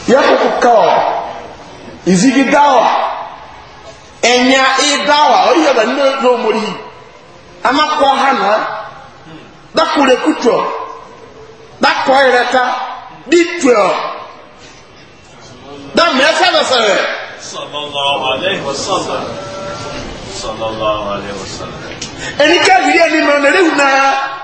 yɛkoko kawa izigi dawa ɛnya idawa ɔyɛ ba ne n'omori amakɔ hana dakure kutɔ dakɔ yɛrɛta bi tuɔ damiɛ sɛbɛsɛbɛ. ɛnikɛ wuli ɛni nɔ nɛrɛ wuna.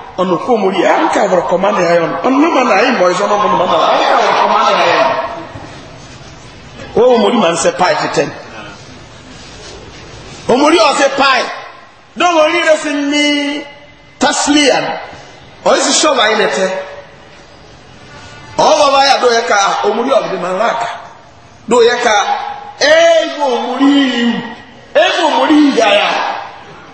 ọ̀nà kó mu yìí àǹkà ọ̀rọ̀ kọ̀má ni ayọ̀ nù ọ̀nà mímọ̀ náà ayé mọ̀ ẹ̀sọ́ náà mọ̀ náà àǹkà ọ̀rọ̀ kọ̀má ni ayọ̀ nù. wọ́n mọ̀ ní màá ń sẹ́ páì títẹ́ ní. òmùrí ọ̀sẹ̀ páì dọ́wọ́ orí rẹ̀ sì ní taslian ọ̀yẹ́sì ṣọ́ọ̀bù ayé nẹ̀tẹ́ ọ̀ọ́ bàbá yà dọ́yẹ ká òmùrí ọ̀bì máa ń ráàkà dọ́yẹ ká ẹ̀ẹ́gbọ̀ òmùrí ẹ̀ẹ́gbọ̀ òmùrí yàrá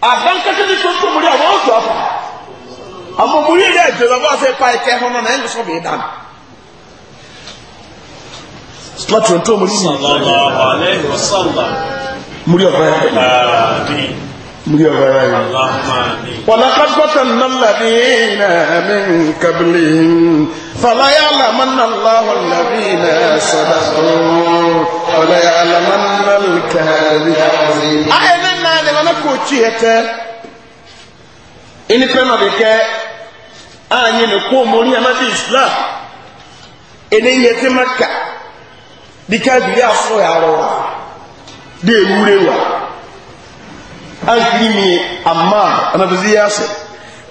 abankasa ni tó tó mu di àwọn ọsọ afọ àmọ mu yìí dẹ jọlọ bá ṣe pa ẹkẹ hàn náà ẹnu sọ bìí dànù. láti ọ̀tún ọmọdé yìí. sọlá wà lẹ́yìn sọlá. mu di ọ̀bẹ. ولقد فتنا الذين من قبلهم يعلمن الله الذين صدقوا يعلمن الكاذبين أين انا انا كوتشيتا إن كان بك أني نقوم لي أنا في إسلام إن يتمكى بكاذب يا صويا روح دي وريوه ankirimi amma anabizi yasir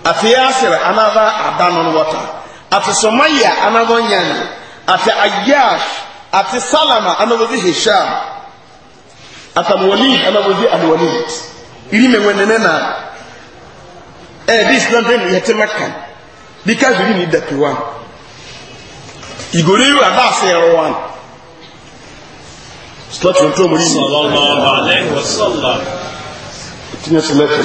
afi yasir anaba adanon wata ati somaya anabon yani ati ayyash ati salama anabizi hisham ati alwalid anabizi alwalid irime wenene na eh this not them yet makan because we need that one igore yu ada se rowan Slot yon to mo ni. Sallallahu alaihi wasallam tinye silete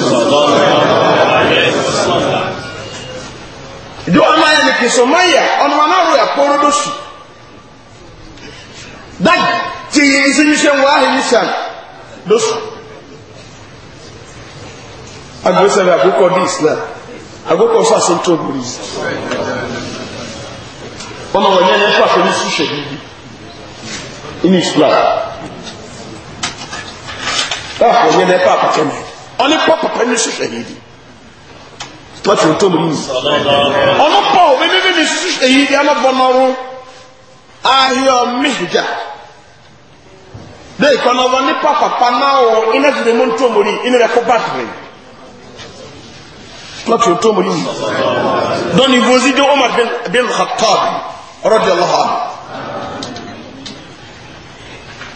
jo ama ya ni kisomaya ono manaro ya poro dosu Da, ti isimishe wahi nisan dosu agbésẹ̀rẹ̀ àgbékọ̀ ní islam àgbékọ̀ sàṣẹ tó gbòrì ọmọ wọn yẹn nípa pẹ̀lú ṣíṣẹ̀ níbi inú islam láàpọ̀ yẹn nípa pẹ̀lú ɔne pɔ papa ne hyehyɛ yidi tọ́tù tó mu yìí ɔno pɔ bɛbi bi ne hyehyɛ yidi ama bɔ n'ɔro ahia mihija dee kɔnɔ wɔ ne pɔ papa n'awɔ ina ti de mu ntomori ina yɛ kɔ batiri tọ́tù tó mu yìí dɔnni vozi de omar bin khattab rɔdi allah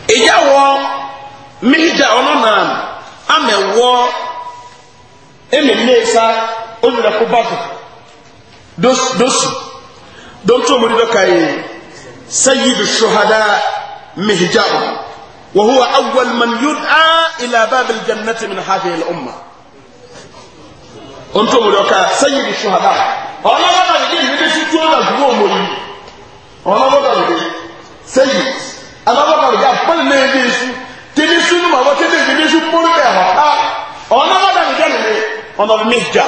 ìjà wɔ mihija ɔno nàá ama ɛwɔ ememee sa onyina ko ba do dosu donto omori dɔka yi sayidu shohada mihijabo وهو أول من يدعى إلى باب الجنة من هذه الأمة أنتم ملوكا سيد الشهداء أنا ما بدي بدي سجونا جوا مري أنا ما بدي سيد أنا ما بدي أقبل نبي سجونا tini sunu ma wɔte de tini sun muru bɛ hɔ a ɔna ma dami dɛ nini ɔna bi mihija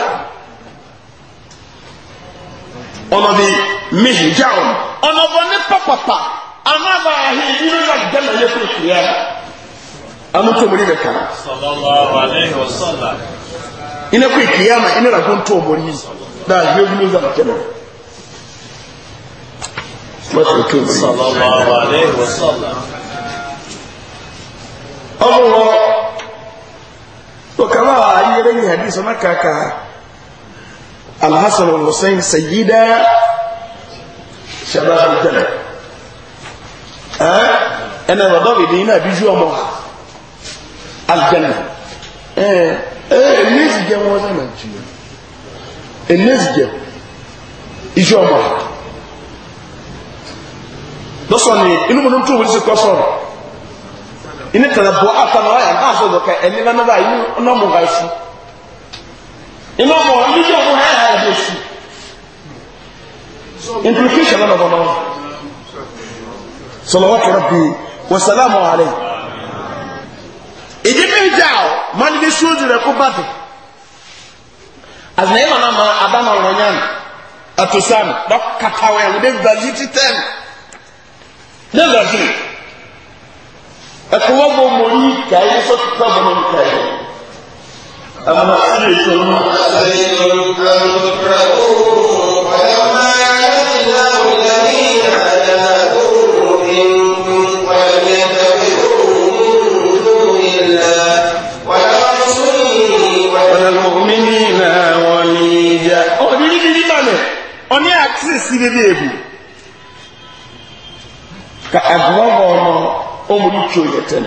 ɔna bi mihija o ɔna bɔ ne papapa ama ba ahi yiri na dɛ na yɛ furu kiriya amu tó mori bɛ kara ina kò kiriya ma ina na ko n tó mori na yɛ wuli na dɛ na. Sallallahu alaihi wasallam. hadisi na kaka alhassan al-hussein sayyida shabab al-jannah eh ana radobi din na biju omo al-jannah eh eh nisi je won sa na ju eh nisi je ijo omo lọ́sọ̀ ni inú mọ̀ ní tó wùlí sí kọ́ sọ̀rọ̀ inú tẹ̀lẹ̀ bọ́ àtàwọn ọ̀yà náà sọ̀rọ̀ kẹ́ ẹni lánàá báyìí ọ̀nà mọ̀ ima bɔ ɔni yɛ ɔmo hɛn hɛn ɛbɛ su implication ɛna bɔbɔ sɔlɔwɔtɔ rɛ bi wasalamu ale ìdí mi dza o mani bi sóòdù rẹ kó bàtò àti nàìjíríà náà ma adama ọ̀rọ̀nyá mi àtòsá mi dọ́ kàtàwé ẹ̀wọ̀n dé brazil ti tẹ́ mi dé brazil ẹ̀kọ́ wọ́n bọ̀ mọ̀ ní kàyé sọ́tù tó bọ̀ mọ̀ ní kàyé. أما أحييتم ويوم يجزى الذين كفروا منكم ويتبعوا من دون الله والمؤمنين وليا أولي لمن أني أكسس لديه كأبواب أمري تشويتني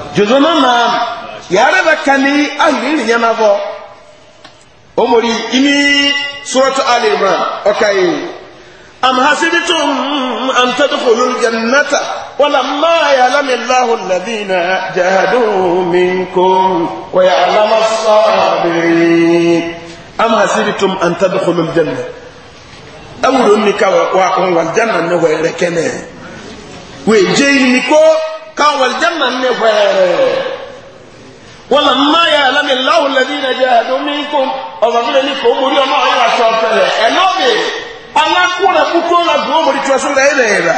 jozo mama yare da kani ahiri ne na bo omori imi suratu ali imran okay am hasibtum an tadkhulul jannata ولما يعلم الله الذين جاهدوا منكم ويعلم الصابرين أم حسبتم أن تدخلوا الجنة أولو نكا والجنة نهو يركنه ويجيني كو كاو الجنة نفر ولما يعلم الله الذين جاهدوا منكم أظن لكم اليوم غير شرطه أنوبي أنا أقول أقول أقول أقول أقول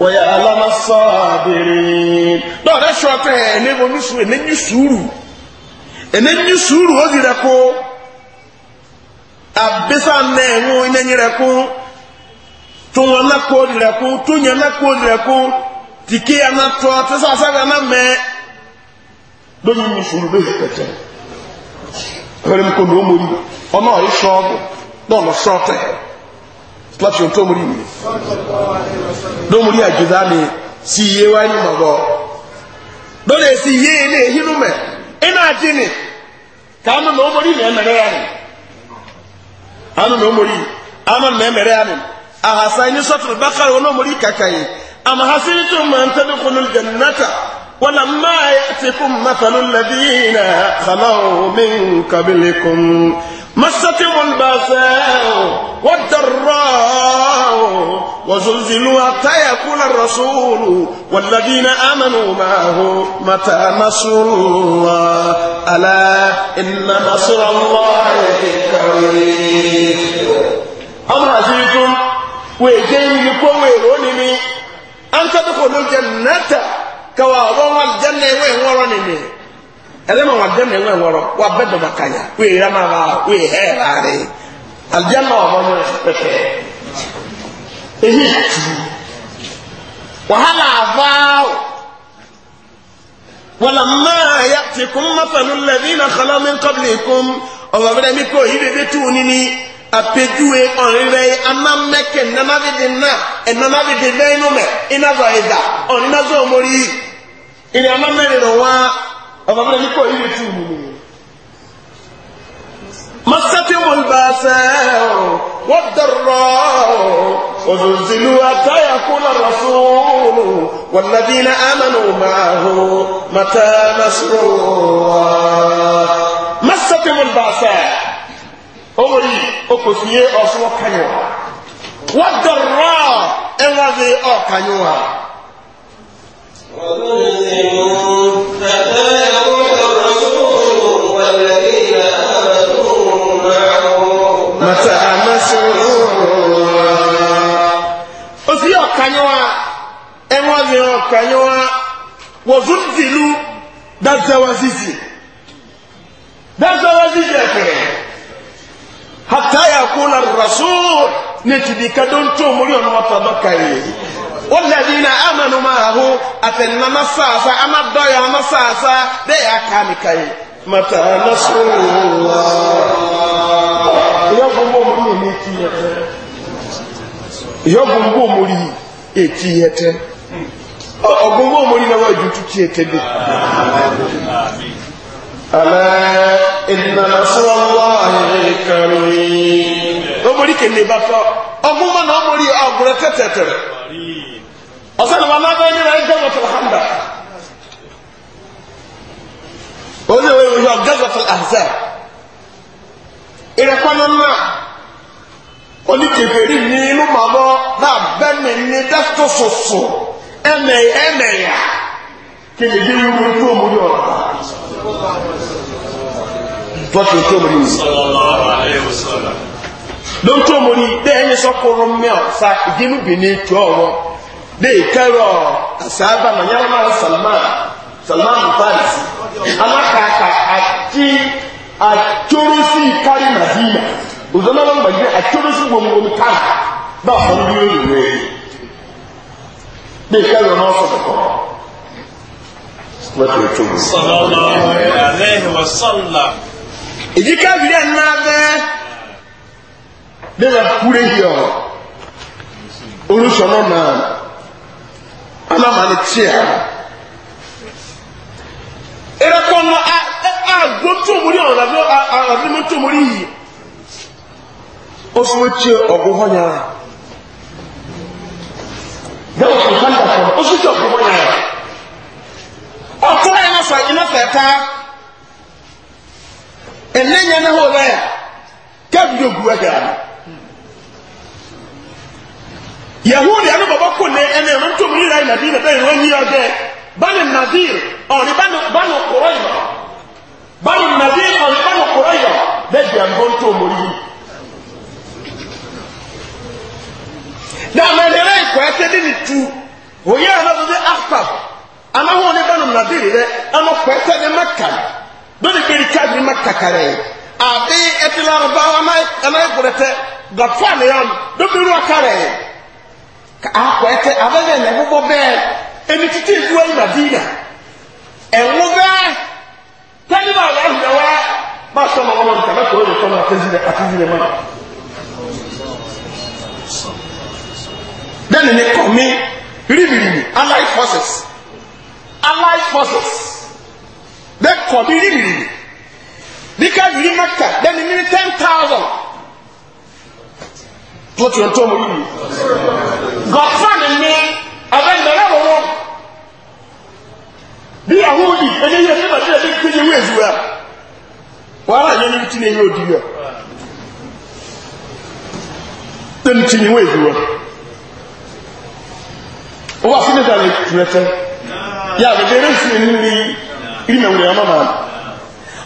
ويعلم الصابرين لا ده شرطه نبو نسو نني سورو نني سورو هذي لكو أبسا نهو نني لكو تنوانا كود لكو تنوانا كود لكو tike ya na tɔ te sɛ asɛ bɛ na mɛ lóyún mi sùn lóyún pɛtɛ ɛfɛrɛ mi kò ní ɔmò yi ɔmò ɔyɛ sɔɔbù lɔlɔ sɔɔtɛ silapsi ntɔ mo yi mi lɔmò yi àjòdá mi si yé wa yi ma bɔ lɔlɔ si yé yi ne ehinu mɛ ɛnna e adi ni kà ama mɛ yi mɛ mɛrɛ ya ni ama mɛ ɔmò yi ama mɛ mɛrɛ ya ni ahasa yi ni sɔtò bakari wɔn ɔmò yi kaka yi. أم حسبتم أن تدخلوا الجنة ولما يأتكم مثل الذين خلوا من قبلكم مستهم الباساء والضراء وزلزلوا حتى يقول الرسول والذين آمنوا معه متى نصر الله ألا إن نصر الله قريب أم حسبتم ويجيكم ويرونني an tadkhulu jannata kawa ron wal janna we ngoro ni ni ele ma wal janna we ngoro wa bedo makanya we ra ma ba we he ba re al janna wa bon ehi wa hala fa ولما يأتكم مثل الذين خلوا من قبلكم أو أبدا مكو هيبي بتونني apɛdue ɔnrɛbɛyi ama mɛkɛ nnama bi di nna ɛnama bi di bɛyi no mɛ ina zɔ ɛda ɔnina zɔ ɔmori yi ɛni ama mɛri no wa ɔba mɛri kɔ yi wetu mu mu masati mulbaasa wadarɔ ozunzilu ataya kuna rasulu waladina amanu maahu mata nasuru wa masati mulbaasa ɔmori okòfie ọ̀ṣọ́ kanyọ̀ wọ́n dọ̀rọ̀ ẹ̀wọ̀n fi ọ̀kanyọ̀ wa. mata amasoro ofie ọ̀kanyọ̀ wa ẹ̀wọ̀n fi ọ̀kanyọ̀ wa wọ́n zunzilu hata yakuna rasul nekidika donto omuli ono watadakaye والذين آمنوا معه أتنا نصاصا أما الضيا نصاصا دي أكامكي متى نصر الله يقوم بمولي إتيته يقوم بمولي إتيته أقوم بمولي نواجه تتيته ألا ìnà lọ́sọ́lọ́láhìn kàrín ọmọdé kèlè bá fọ́ ọmọ mọ́ náà ọmọdé ọgbọ̀rẹ́ tẹ́tẹ̀tẹ̀rẹ̀ ọ̀sán ìwà náà bẹ́ẹ̀ nílẹ̀ ẹgbẹ́ wọ́tọ̀ hàndà orí ìwé ìwé yọ gẹ́gẹ́tọ̀ àzẹ́ tó tọ́tù tó mú ní ló tó mú ní dé ẹni sọ́kùnrin mẹ́ọ̀ sa ìdínú bìíní tó ọ̀rọ̀ dé ìkẹrọ àṣàbà nàyàrá náà salman salman faris alákàkà àti àtúrósì kárí nàìjíríà òzọ́nàlọ́ gbàgbé àtúrósì gbòmùgbòmù kárí bá àwọn ọmọdé yóò lè wéyé dé ìkẹrọ náà sọ̀rọ̀ kọ̀ọ̀ Sallallahu alaihi wa sallam èyí kábìrì ẹ̀nà abẹ́ lẹ́wà kúrẹ́ yìí ọ̀ orúṣọ́nà náà alámàlẹ̀ tí a ẹ̀rẹ́kọ́nà àgbó tómórí ọ̀rọ̀ àbímọ́ tómórí yìí ó sì wọ́n tí ọgbọ́n họ́nyára dáwọ̀ kò kánta fún ọ ó sì tí ọgbọ́n họ́nyára ọ̀tọ́ ẹ̀ náà sọ ìnáfẹ́ ta yẹn náà wò lẹ́yà kẹ́bìrì ògùn ẹ̀gà rẹ̀ yahoo ni ẹnu bàbá kò lé ẹni ẹnu tó mi ra ìnàdí rẹ bẹ́ẹ̀ wọ́n yí ọdẹ bani nadir ọ̀rẹ́ bani kúrọ̀ yọ bani nadir ọ̀rẹ́ bani kúrọ̀ yọ bẹ́ẹ̀ bí ẹnu tó mọ̀ yìí. dàmẹ́ lẹ́rẹ́ ìkọ́ ẹsẹ̀ dín ní tu òye ànáwó ní afab ànáwó ní bani nadir rẹ ẹnu kọ́ ẹsẹ̀ ní mẹ́kà lónìí kiri káàdì mẹ́kà kàrẹ́ yìí àbí ẹtìlá ọba ẹmẹ́kùrẹ́tẹ gọ̀tún àníyàn dókòrò ọ̀kàrẹ̀ akọ ẹtẹ abẹ́rẹ́ ẹ̀ gbogbo bẹ́ẹ̀ ẹni títí ìlú ẹ̀ nàdínà ẹ̀wọ́ bẹ́ẹ̀ tẹ́lẹ̀ bá wà lùdà wá bá sọ ọmọ ọmọ nìkan mẹ́kọ̀ọ́ ẹ̀rọ tọ́lá àtẹ́sílẹ̀ àtẹ́sílẹ̀ mọ́. dẹ́nu ni kọ̀ mí rìbìrìbì allied forces allied forces dẹ́kọ̀ mí rìbìrìbì. Because bika yiri then dani need ten thousand tó tiẹ̀ tó mo yìí gọ̀fán ni abẹ́ ìdọ̀lẹ́ wò wọ́n bí àwọn òdì ẹni yẹ fún bàtí ẹni kéde wíwẹ̀ zuwa wàhálà yẹn ní ti ní ẹyẹ òdì yẹ tẹ́ni ti ní wíwẹ̀ zuwa wọ́n wá fún mi dàlẹ́ tìrẹ́tẹ́ yà á bẹ̀rẹ̀ fún mi ní ìmẹ̀wùrẹ̀ ọmọ màá.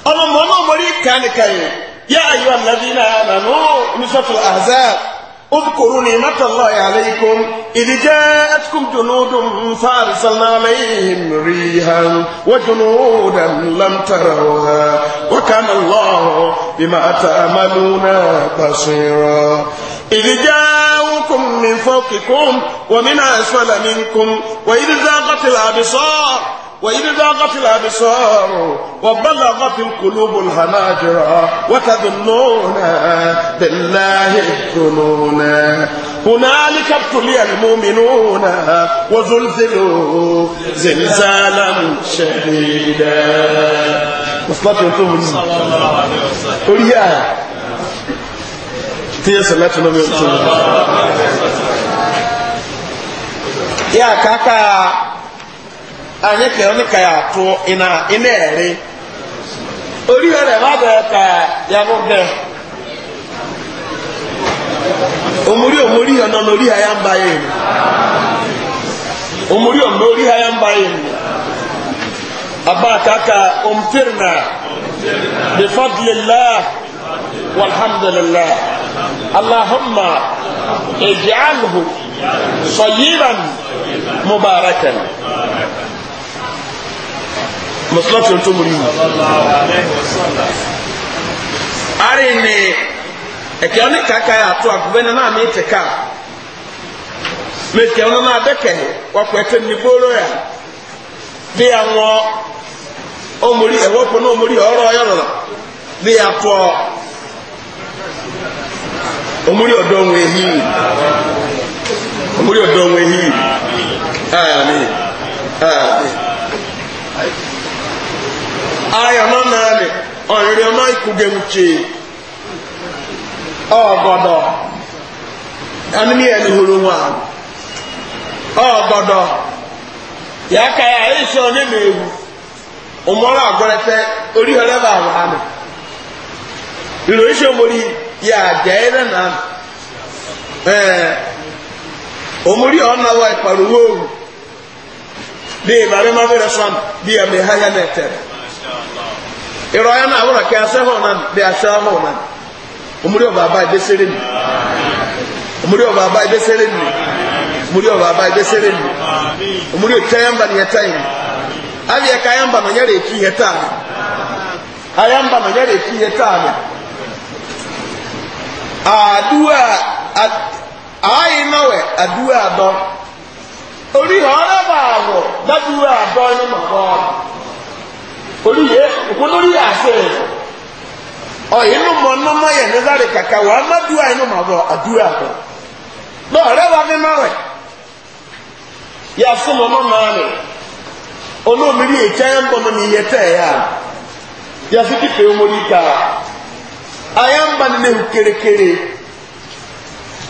أما ماما مريد كان كان يا أيها الذين آمنوا نصف الأحزاب اذكروا نعمة الله عليكم إذ جاءتكم جنود فأرسلنا عليهم ريحا وجنودا لم تروها وكان الله بما تعملون بصيرا إذ جاءوكم من فوقكم ومن أسفل منكم وإذ زاغت الأبصار وإذ ضاقت الأبصار وبلغت القلوب الهناجر وتظنون بالله الظنون هنالك ابتلي المؤمنون وزلزلوا زلزالا شديدا يوم صلى الله عليه وسلم صلاة النبي صلى الله عليه وسلم يا كاكا anya kẹrẹ ni ka yà tó iná iná ẹ̀rí orí rẹ̀ bá bẹ̀rẹ̀ ka yà ló bẹ̀ omori omori yẹn nọ n'orí ha yà ń ba yẹn mu omori omori ha yà ń ba yẹn mu abakaka omtirna bifadlillah walhamdulillah allahumma ij'alhu sayyidan mubarakan mọ̀sílọ́tì tó mú yìí ari ni ẹ̀kẹ́ ọ́nì kàkà àtọ́ àgùbẹ́ni náà mi tẹ̀ ká mẹ̀kẹ́ ọ́nà náà dẹ́kẹ̀ wọ́pọ̀ ẹ̀tẹ́ ní gbóró yà bí àwọn ọmọrí ẹ̀wọ́ pọ̀ náà ọmọrí ọ̀rọ̀ ọ̀yọ̀rọ̀ bí àtọ́ ọmọrí ọ̀dọ́ wọn èyí ọmọrí ọ̀dọ́ wọn èyí ààmì ààmì. ayọ̀mọ́ náà lè ọ̀rẹ́rẹ́ ọmọ ìkúgẹ̀mùtì ọ̀gọ̀dọ̀ ẹni ẹni horo wọn ọ̀gọ̀dọ̀ ya á kàyà ẹ̀ṣẹ̀ ọ̀nẹ́ mẹ́wù ọmọlá àgọ́rẹ́fẹ́ orí ọ̀rẹ́ ahụ wà nù ìròyìn omori yà jẹ́ na náà omori ọ̀nà wa ya mgbe ha ya na etere. ìrọ̀ ayé náà wọ́n kí aṣẹ́ hàn náà bí aṣẹ́ hàn náà omúdí ọba àbá ìdẹ́sẹ̀rẹ̀ nù omúdí ọba àbá ìdẹ́sẹ̀rẹ̀ nù omúdí ọba àbá ìdẹ́sẹ̀rẹ̀ nù omúdí òtẹ́ yẹn bà ní ẹ̀tẹ́ yẹn ayé ẹ̀ka yẹn bà nàyẹ́ rẹ̀ kí yẹn tà mí ayé Olu ìkúndórí àṣẹ ọ̀yìnú mọ̀ ní ọmọ yẹn ní sáré kàkà wà á má dúró àyínú mọ̀ bọ̀ àdúrà bọ̀ lọ́ọ̀ rẹ̀ wá ní máwẹ̀ yà fún ọmọ máa rẹ̀ olóòmìnirí èkyá ya bọ̀ ní iyẹ tẹ̀ yà yà sí ti pè é ayamba lehu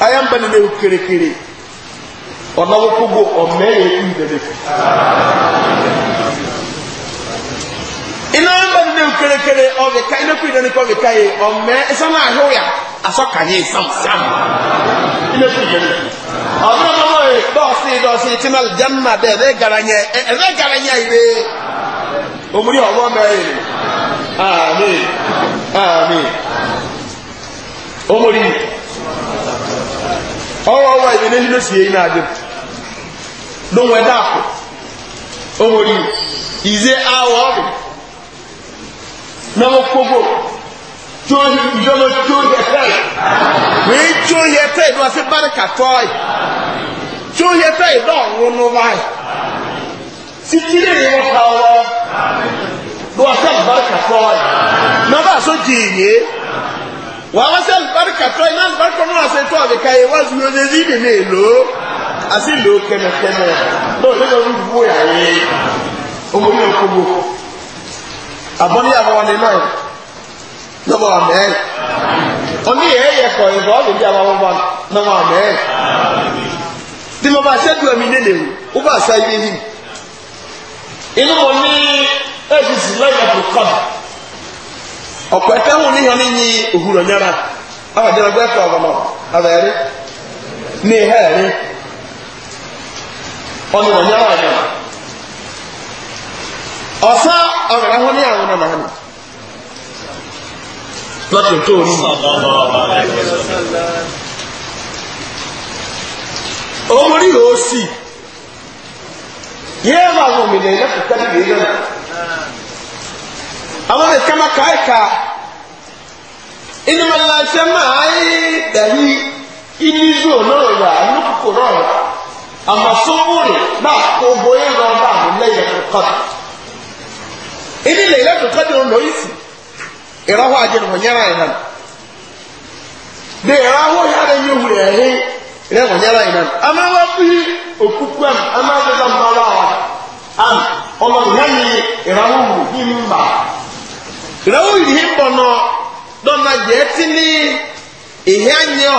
ayamba lehu kerekere ɔbɛ e ka ne kuri dani kɔbɛ ka ye ɔmɛ ɛsɛn naa hɛ ya asɔ ka ye sam sam ne kuri dani ɔbɛn mɔmɔ ye dɔɔsi dɔɔsi tina janna dɛ ɛbɛ gara nyɛ ɛbɛ gara nyɛ yi de omuri ɔwɔ mɛ ye ami ami omuri ɔwɔ wa yi ne ni ne si ye yi na adi lóhun ɛdá ko omuri ize awɔ mi. Na kókó tó ìjọba tó yẹ fẹ́ wíì tó yẹ fẹ́ ìlú àti bárẹ̀kà tọ́ ẹ̀ tó yẹ fẹ́ ìlú ọ̀run ní wáyé títí lè ní wọ́n ta ọ̀rọ̀ ìlú àti bárẹ̀kà tọ́ ẹ̀ náà bá so jì yé wàá wá sẹ́ni bárẹ̀kà tọ́ ẹ̀ náà bárẹ̀kà náà ṣe tọ́ ọ̀dẹ̀ka yẹ wá ju ọdẹ sí ìdèmí èlò àti ìlò kẹmẹkẹmẹ náà lọ́dọ̀ ló yà abọ́lé àwọn ọ̀nẹ́ náà lọ́wọ́ àmẹ́ oní ẹ̀yẹ kọ̀ ìbọ̀ ọ̀lẹ́ bí àwọn ọmọ lọ́wọ́ àmẹ́ tí mo bá ṣẹ́gun ẹ̀mí nílẹ̀ o ó bá ṣá ilé yìí inú mo ní ọ̀pọ̀ wọn ní ní òwúrọ̀ nyára àwọn ní ẹ̀rí ọ̀sá ọ̀rọ̀ wọn ní àwọn ọmọ náà lọ́tún tó rí omori yóò sì yéé bá wọn mi lẹ́yìn lẹ́kùn tẹ́lẹ̀ lè lọ́nà àwọn ẹ̀ka máa ka ẹ̀ka inú ọ̀la ṣe máa ń dàbí inizu náà yà lókùkù náà àmọ́ sọ́wọ́rì náà kó bóyá lọ́ọ́ bá mi lẹ́yìn lẹ́kùn tẹ́lẹ̀. ini le ile tuka de isi irahu aje no nyara ina de irahu ya de yuhure ehe ile no nyara ina ama wa fi okuku ama de da mbala wa am ono nyani irahu mu je tini ihe anyo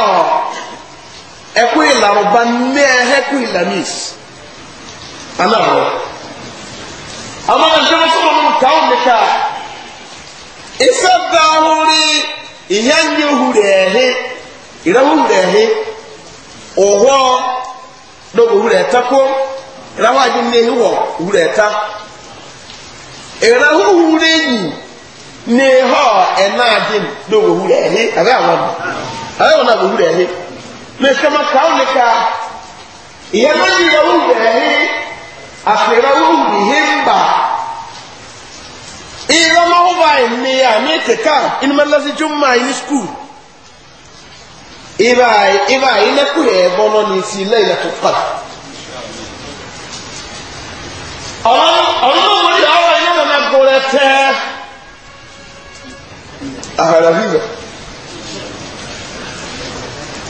ekwe ilaruba ehe ilamis ama ndem so mo kawo meka isa bahuri iyanyi hurehe irahu hurehe oho dobo hureta ko irahu adi nehi wo hureta irahu e hureyi neho enadin dobo hurehe abe awon abe awon abo hurehe meka ma kawo meka iyanyi irahu hurehe àfẹ́rẹ́wò nìyẹ́mbà ìrọmọwọ́wà ní àmì kẹta ìnumẹ́lẹ́sí jùmọ̀ ní skul ìbá ìnẹ́kù ẹ̀bọ́n náà ní sí ilé ilẹ̀ tó pa. ọ̀nà òwúrì àwọn iná mọ̀ náà gbọ́dọ̀ tẹ́ àhàrà rírọ̀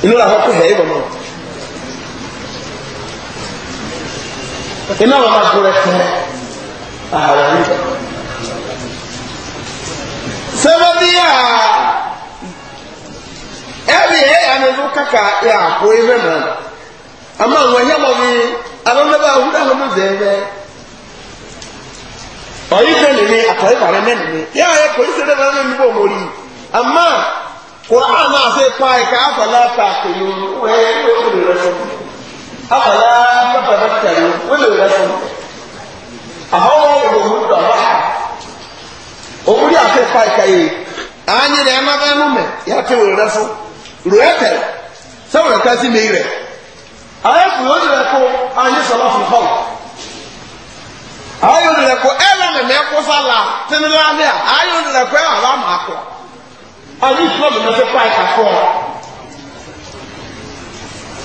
inú làwọn kò hẹ́ ìbọn náà. iná wọn máa gbó rẹ fún ààrẹ rẹ sẹ́fọ́dí à ẹ̀rí ẹ̀ ànínú kàkà ẹ̀ àpò ẹ̀rẹ́ mọ́ àmọ́ àwọn ẹ̀yẹ́ mọ́ mi alọ́nàbà ọ̀húnà ọ̀hún ọ̀dẹ̀ ẹ̀rẹ́ ọ̀yí fẹ́lẹ̀ ni àtọ̀ ìbàrẹ̀ mẹ́ni ni yà ẹ̀ kò í ṣe dẹ́gbẹ̀rẹ́ mẹ́ni bò mọ́ rí àmọ́ kò á máa ṣe pa ẹ̀ka àfọlá ta pẹ̀lú ẹ̀ ẹ̀ ó afọlá pẹpẹrẹ tẹlẹ wílò rẹ fún àwọn òwò dọrọ ha òwúrí àti ìfà ìkàyè àányí rẹ má bẹ nù mẹ yà ti wílò rẹ fún rò ẹ tẹlẹ mi rẹ àyẹ̀kù yóò di rẹ kó àányí sọlá fún fọlọ àyẹ̀kù yóò di rẹ kó ẹ lọ́nà mẹ́kọ́ sálà tẹ́nilá ní à àyẹ̀kù yóò di rẹ kó ẹ wà lámà kọ́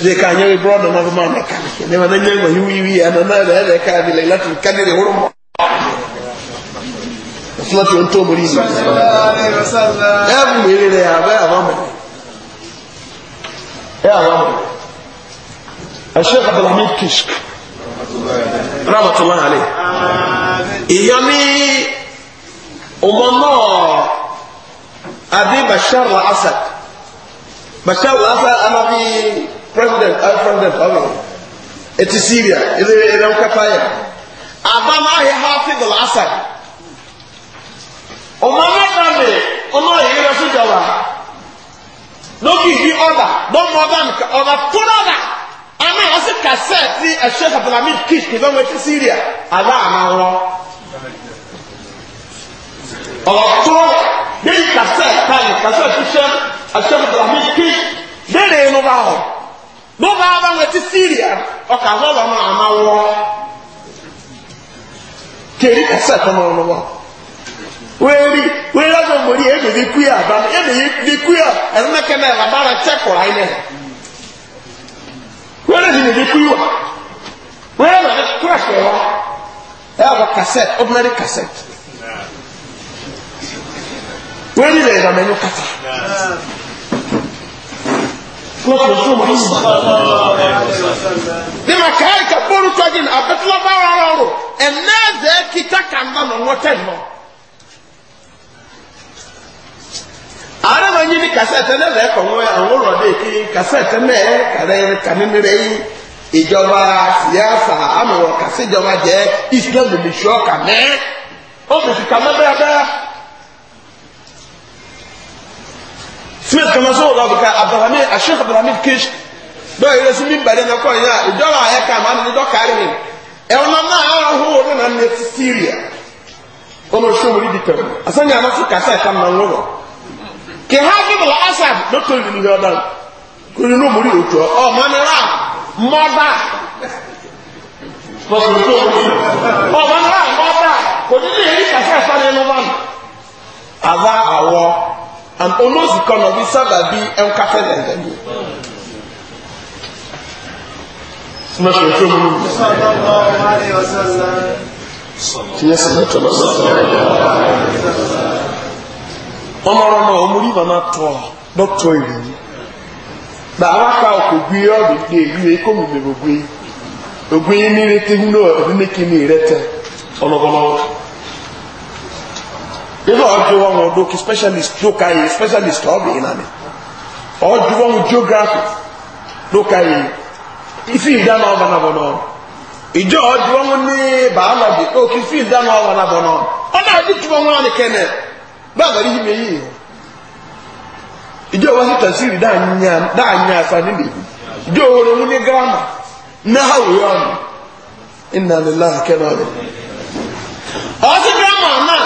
zai ka nyɛ wi brɔda na bama na ka ne ma na nyɛ ma yiwi wi ana na da da ka bi laila tun ka ne de horo mo asuma ti on to mori ni ya bu mi ne ya ba ya ba mo ya ba mo الشيخ عبد الحميد كشك رحمة الله عليه إيامي أمنا أبي بشار الأسد بشار الأسد أنا في president ayi president ɔbɛ eti syria ɛdɛ ɛdɛ nkata yɛ abama ayɛ hafi gɔla asa ɔmo anadami ɔmo ayɛ yɛrɛ so dɔla n'oge ibi ɔda n'oge ɔda nka ɔda toro ɔda ama ɔsi kasɛɛti ɛhyɛ abdulhamid kish kebe wɔn eti syria ada anaworo ɔda toro yɛyi kasɛɛti kasɛɛti hyɛ ɛhyɛ abdulhamid kish dere inu ba hɔ. bó bá bá siria ti síríà ọkà sọ́dọ̀ ọmọ kaseti wọ́ kérí weri tó mọ̀ ọ́nà wọ́ wéèrí wéèrí ọ̀sán mọ̀rí ẹ̀mí ní kúyà bá mi ẹ̀mí ní kúyà ẹ̀rọ mẹ́kẹ́ náà làbára tẹ́kọ̀ ayé náà wéèrí ẹ̀mí ní kúyà wéèrí ẹ̀mí kúyà ne ma kaa ka polu tɔgye no abɛtola ba wa wɔro ɛnɛ zɛ kita kamba no wɔtɛ no ara ma nyi ni kasɛtɛ ne lɛ kɔn wɛ ahorɔ de ki kasɛtɛ ne yɛ kare kaninire yi ìjọba siasa amewɔ kasijọba jɛ islam de mi sɔ kamɛ ɔfisi kamɛ bɛrɛ bɛrɛ. smith kan so lọ bìkà abdulhamid asheikh abdulhamid kish dọ yìí lọsí mi bàdé ẹnìkọ yìí náà ìdọ́rọ̀ ayẹ ká máa nínú dọ́kàárì mi ẹ̀wọ̀n náà náà ara hó wọn náà ní ti syria ọmọ ìṣó wòlí di pẹ̀lú asẹ́ni àmọ́ sí kàtà ẹ̀ka máa ń lọ́wọ́ kì ha bí bọ̀ asad dọ́tọ̀ yìí nìyẹn ọ̀dà kò ní ló mórí òtù ọ mọ́ni rà mọ́dà ọ mọ́ni rà kò ní lè rí ẹ̀ka nínú and onozikọ na ọbụ saba bi nkata na ẹdẹ bi. Sima sọ ètò mu. Tinye sima ètò ọrụ náà ọmọdé ibà náà tọ́ dọ́kítọ̀ ìrìn. Na awaka ọkọ gwi ọdụ dị ehiwe ilé ọjọ́ wọn wọn specialist lóka specialist ọ̀bì iná ni ọjọ́ wọn geography lóka yìí ifi ìdáná ọba náà bọ̀nà ìjọ ọjọ́ wọn ní biology lókè ifi na ọba náà bọ̀nà ọ̀nà àti túbọ̀ wọn ni kẹ́nẹ̀ báwo ni yìí yìí ìjọ wọn sì tẹ̀síìrì dáa nyà afa níbi ìjọ wọn òun ní gírámà náà wòye ọ̀nà ìnàlélá kẹ́nà ọ̀dẹ̀ ọ̀sìn gírámà náà.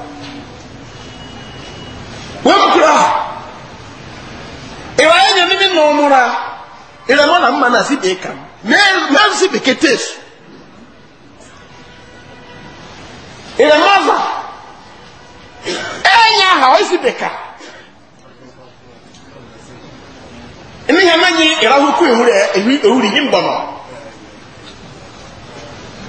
wọ́nkura ìwà yẹn nyɛ mímí nà ɔmúra ìrẹ̀wọ́ nà mmà nà sí bèè kàn mẹ́rin sí bèké tèésù ìrẹ̀wọ́ nà ẹ̀yìn àhà ọ̀ sí bèkà ẹ̀mí yẹn mẹ́rin ìrẹ̀wọ́ kú ìwúrẹ̀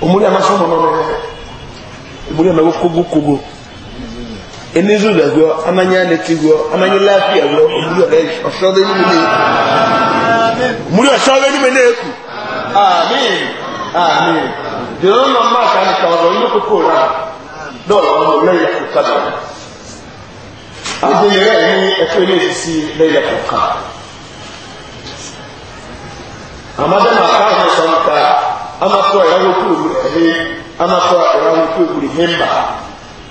omuli amasomo nono omuli amago kogo kogo enezo dagwo amanya netigwo amanya lafiya gwo omuli osobe ni mene omuli osobe ni mene ku amen amen dinono maka ni kawazo ndo kokora dolo ono leya kukaba azinere ni ekwene sisi leya kukaba amada maka ni sonka amatɔ ɛyɛ kó ewu ɛhɛ amatɔ ɛyɛ kó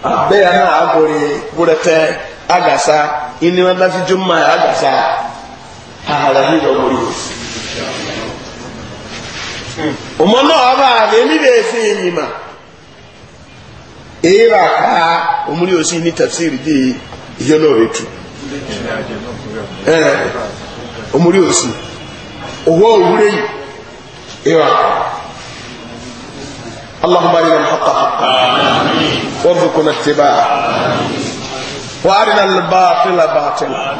abe ya agasa inima bafi juma agasa ahalahi lɛ omori ọmọ náà ọba àbẹ̀mí bẹ́ẹ̀ fi yìnyín ma èyí bá ká omori òsì ní tafsiri dé ìyẹn náà òsì owó اللهم ارنا الحق حقا وارزقنا اتباعه وارنا الباطل باطلا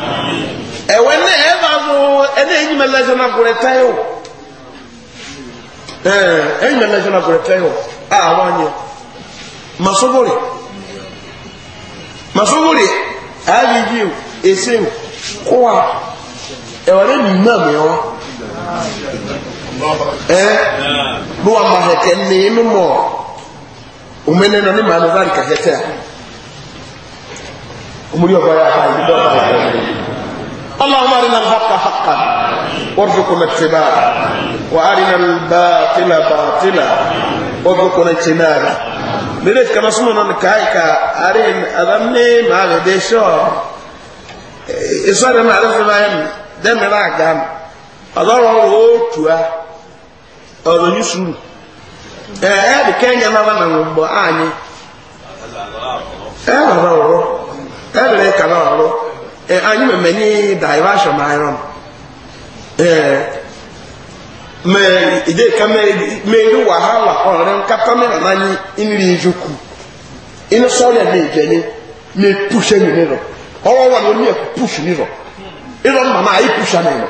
ẹwẹni ẹbàbò ẹni ẹyìn mẹlẹsẹn agorẹ tẹyọ ẹyìn mẹlẹsẹn agorẹ tẹyọ a àwọn anyẹ masogori masogori ayélujára ẹsẹ kọwa ẹwà lẹni mẹmẹ wọn eh bo ama hete ni mmo umene no ni maana zali ka hete umuri obaya hayi ndo اللهم ارنا الحق حقا وارزقنا اتباعه وارنا الباطل باطلا وارزقنا اجتنابه لذلك كما سمعنا كايكا ارين اظني ما غدي شو اسرنا على زمان دم راجع اضروا اوتوا ọ̀rọ̀ yusu ẹ̀ẹ́ bí kẹ́nyà máa nà ń gbọ́ anyị ẹ̀ẹ́ ọrụ. ọ̀rọ̀ ẹ̀ẹ́ rẹ̀ kàrọ ọrụ. anyị mẹ̀mẹ̀ ní iron ẹ̀ẹ́ mẹ ìdè ka mẹ́rin wàhálà ọ̀rẹ́ nkata mẹ́rin n'anyị nri njoku inú sọ́ọ̀lẹ̀ mi ìjẹ́ ni mi pùṣẹ́ mi ọ̀rọ̀ wà ní ayé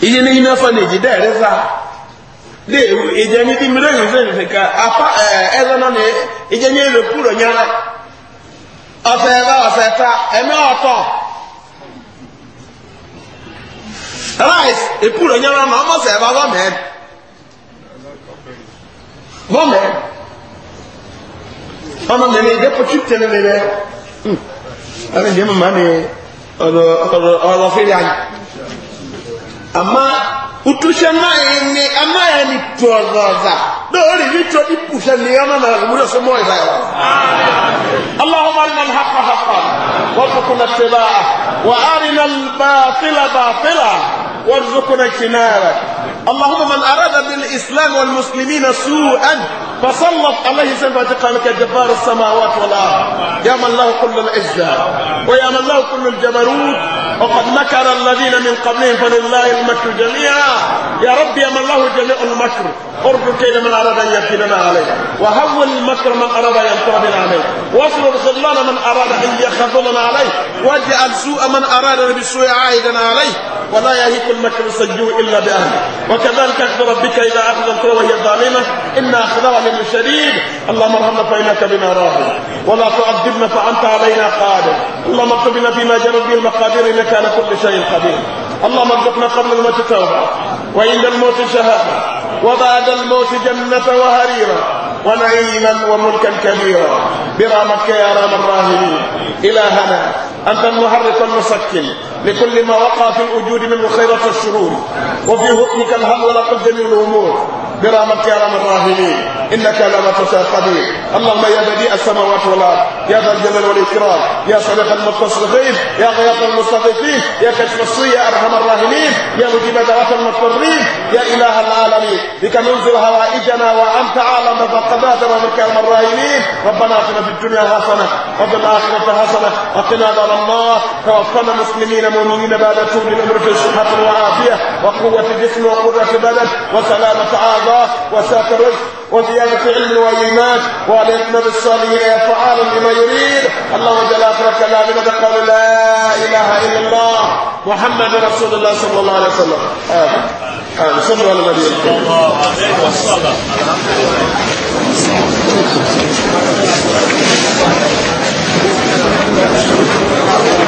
iye ne yina fa neji dɛ ɛrɛ sa de edze ni di mire yi sɛn sika afa ɛɛ ɛzɛ nɔ ne edze ni ele kuro nya ɔsɛ ɛba ɔsɛ ta ɛmɛ ɔtɔ rice ekuro nya ma ɔmɔ sɛ ɛba bɔ mɛ bɔ mɛ ɔmɔ mɛ ne edze pɔtsi tɛnɛ ne dɛ ɛmɛ dze ma ne ɔlɔ ɔlɔ ɔlɔ fi ya. ama utusha naye amaya ni tuwazaza dori vitu ipusha niana na muda somo ila اللهم ارنا الحق حقا وارزقنا اتباعه وارنا الباطل باطلا وارزقنا اجتنابه اللهم من اراد بالاسلام والمسلمين سوءا فصلت عليه سيف اعتقالك جبار السماوات والارض يا من له كل العزه ويا من له كل الجبروت وقد مكر الذين من قبلهم فلله المكر جميعا يا رب يا من له جميع المكر ارجو كيد من اراد ان يكيدنا عليه وهول المكر من اراد ان يمكر عليه واصرف ظلال من اراد ان يخذلنا عليه واجعل سوء من اراد بالسوء عائدا عليه ولا يهيك المكر السجوع إلا بأهله وكذلك أخذ ربك إذا أخذ القرى وهي ظالمة إن أخذها من شديد اللهم ارحمنا فإنك بنا راض ولا تعذبنا فأنت علينا قادر اللهم اكتبنا فيما جرت به المقادير إنك على كل شيء قدير اللهم ارزقنا قبل الموت توبة وعند الموت شهادة وبعد الموت جنة وهريرا ونعيما وملكا كبيرا برامك يا رام الراهبين إلهنا أنت المحرك المسكن لكل ما وقع في الوجود من الخيرات والشرور وفي حكمك الهم ولا جميع الأمور برحمتك يا ارحم الراحمين انك لا تنسى القدير اللهم يا بديع السماوات والارض يا ذا الجلال والاكرام يا صالح المستصرفين يا غياث المستضيفين يا كشف الصي يا ارحم الراحمين يا مجيب دعوات المضطرين يا اله العالمين بك ننزل هوائجنا وانت اعلم بقضاتنا ومنك يا ارحم الراحمين ربنا اتنا في الدنيا حسنه وفي الاخره حسنه وقنا على الله توفنا مسلمين مؤمنين بعد طول الامر في صحه وعافيه وقوه جسم وقره بلد وسلامه اعضاء الله وساق الرزق وزيادة علم الويمات وعليكم بالصالحين يا فعال لما يريد اللهم جل وعلا كلامنا تقول لا إله إلا الله محمد رسول الله صلى الله عليه وسلم آمين آمين صلوا على النبي صلى الله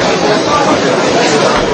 عليه وسلم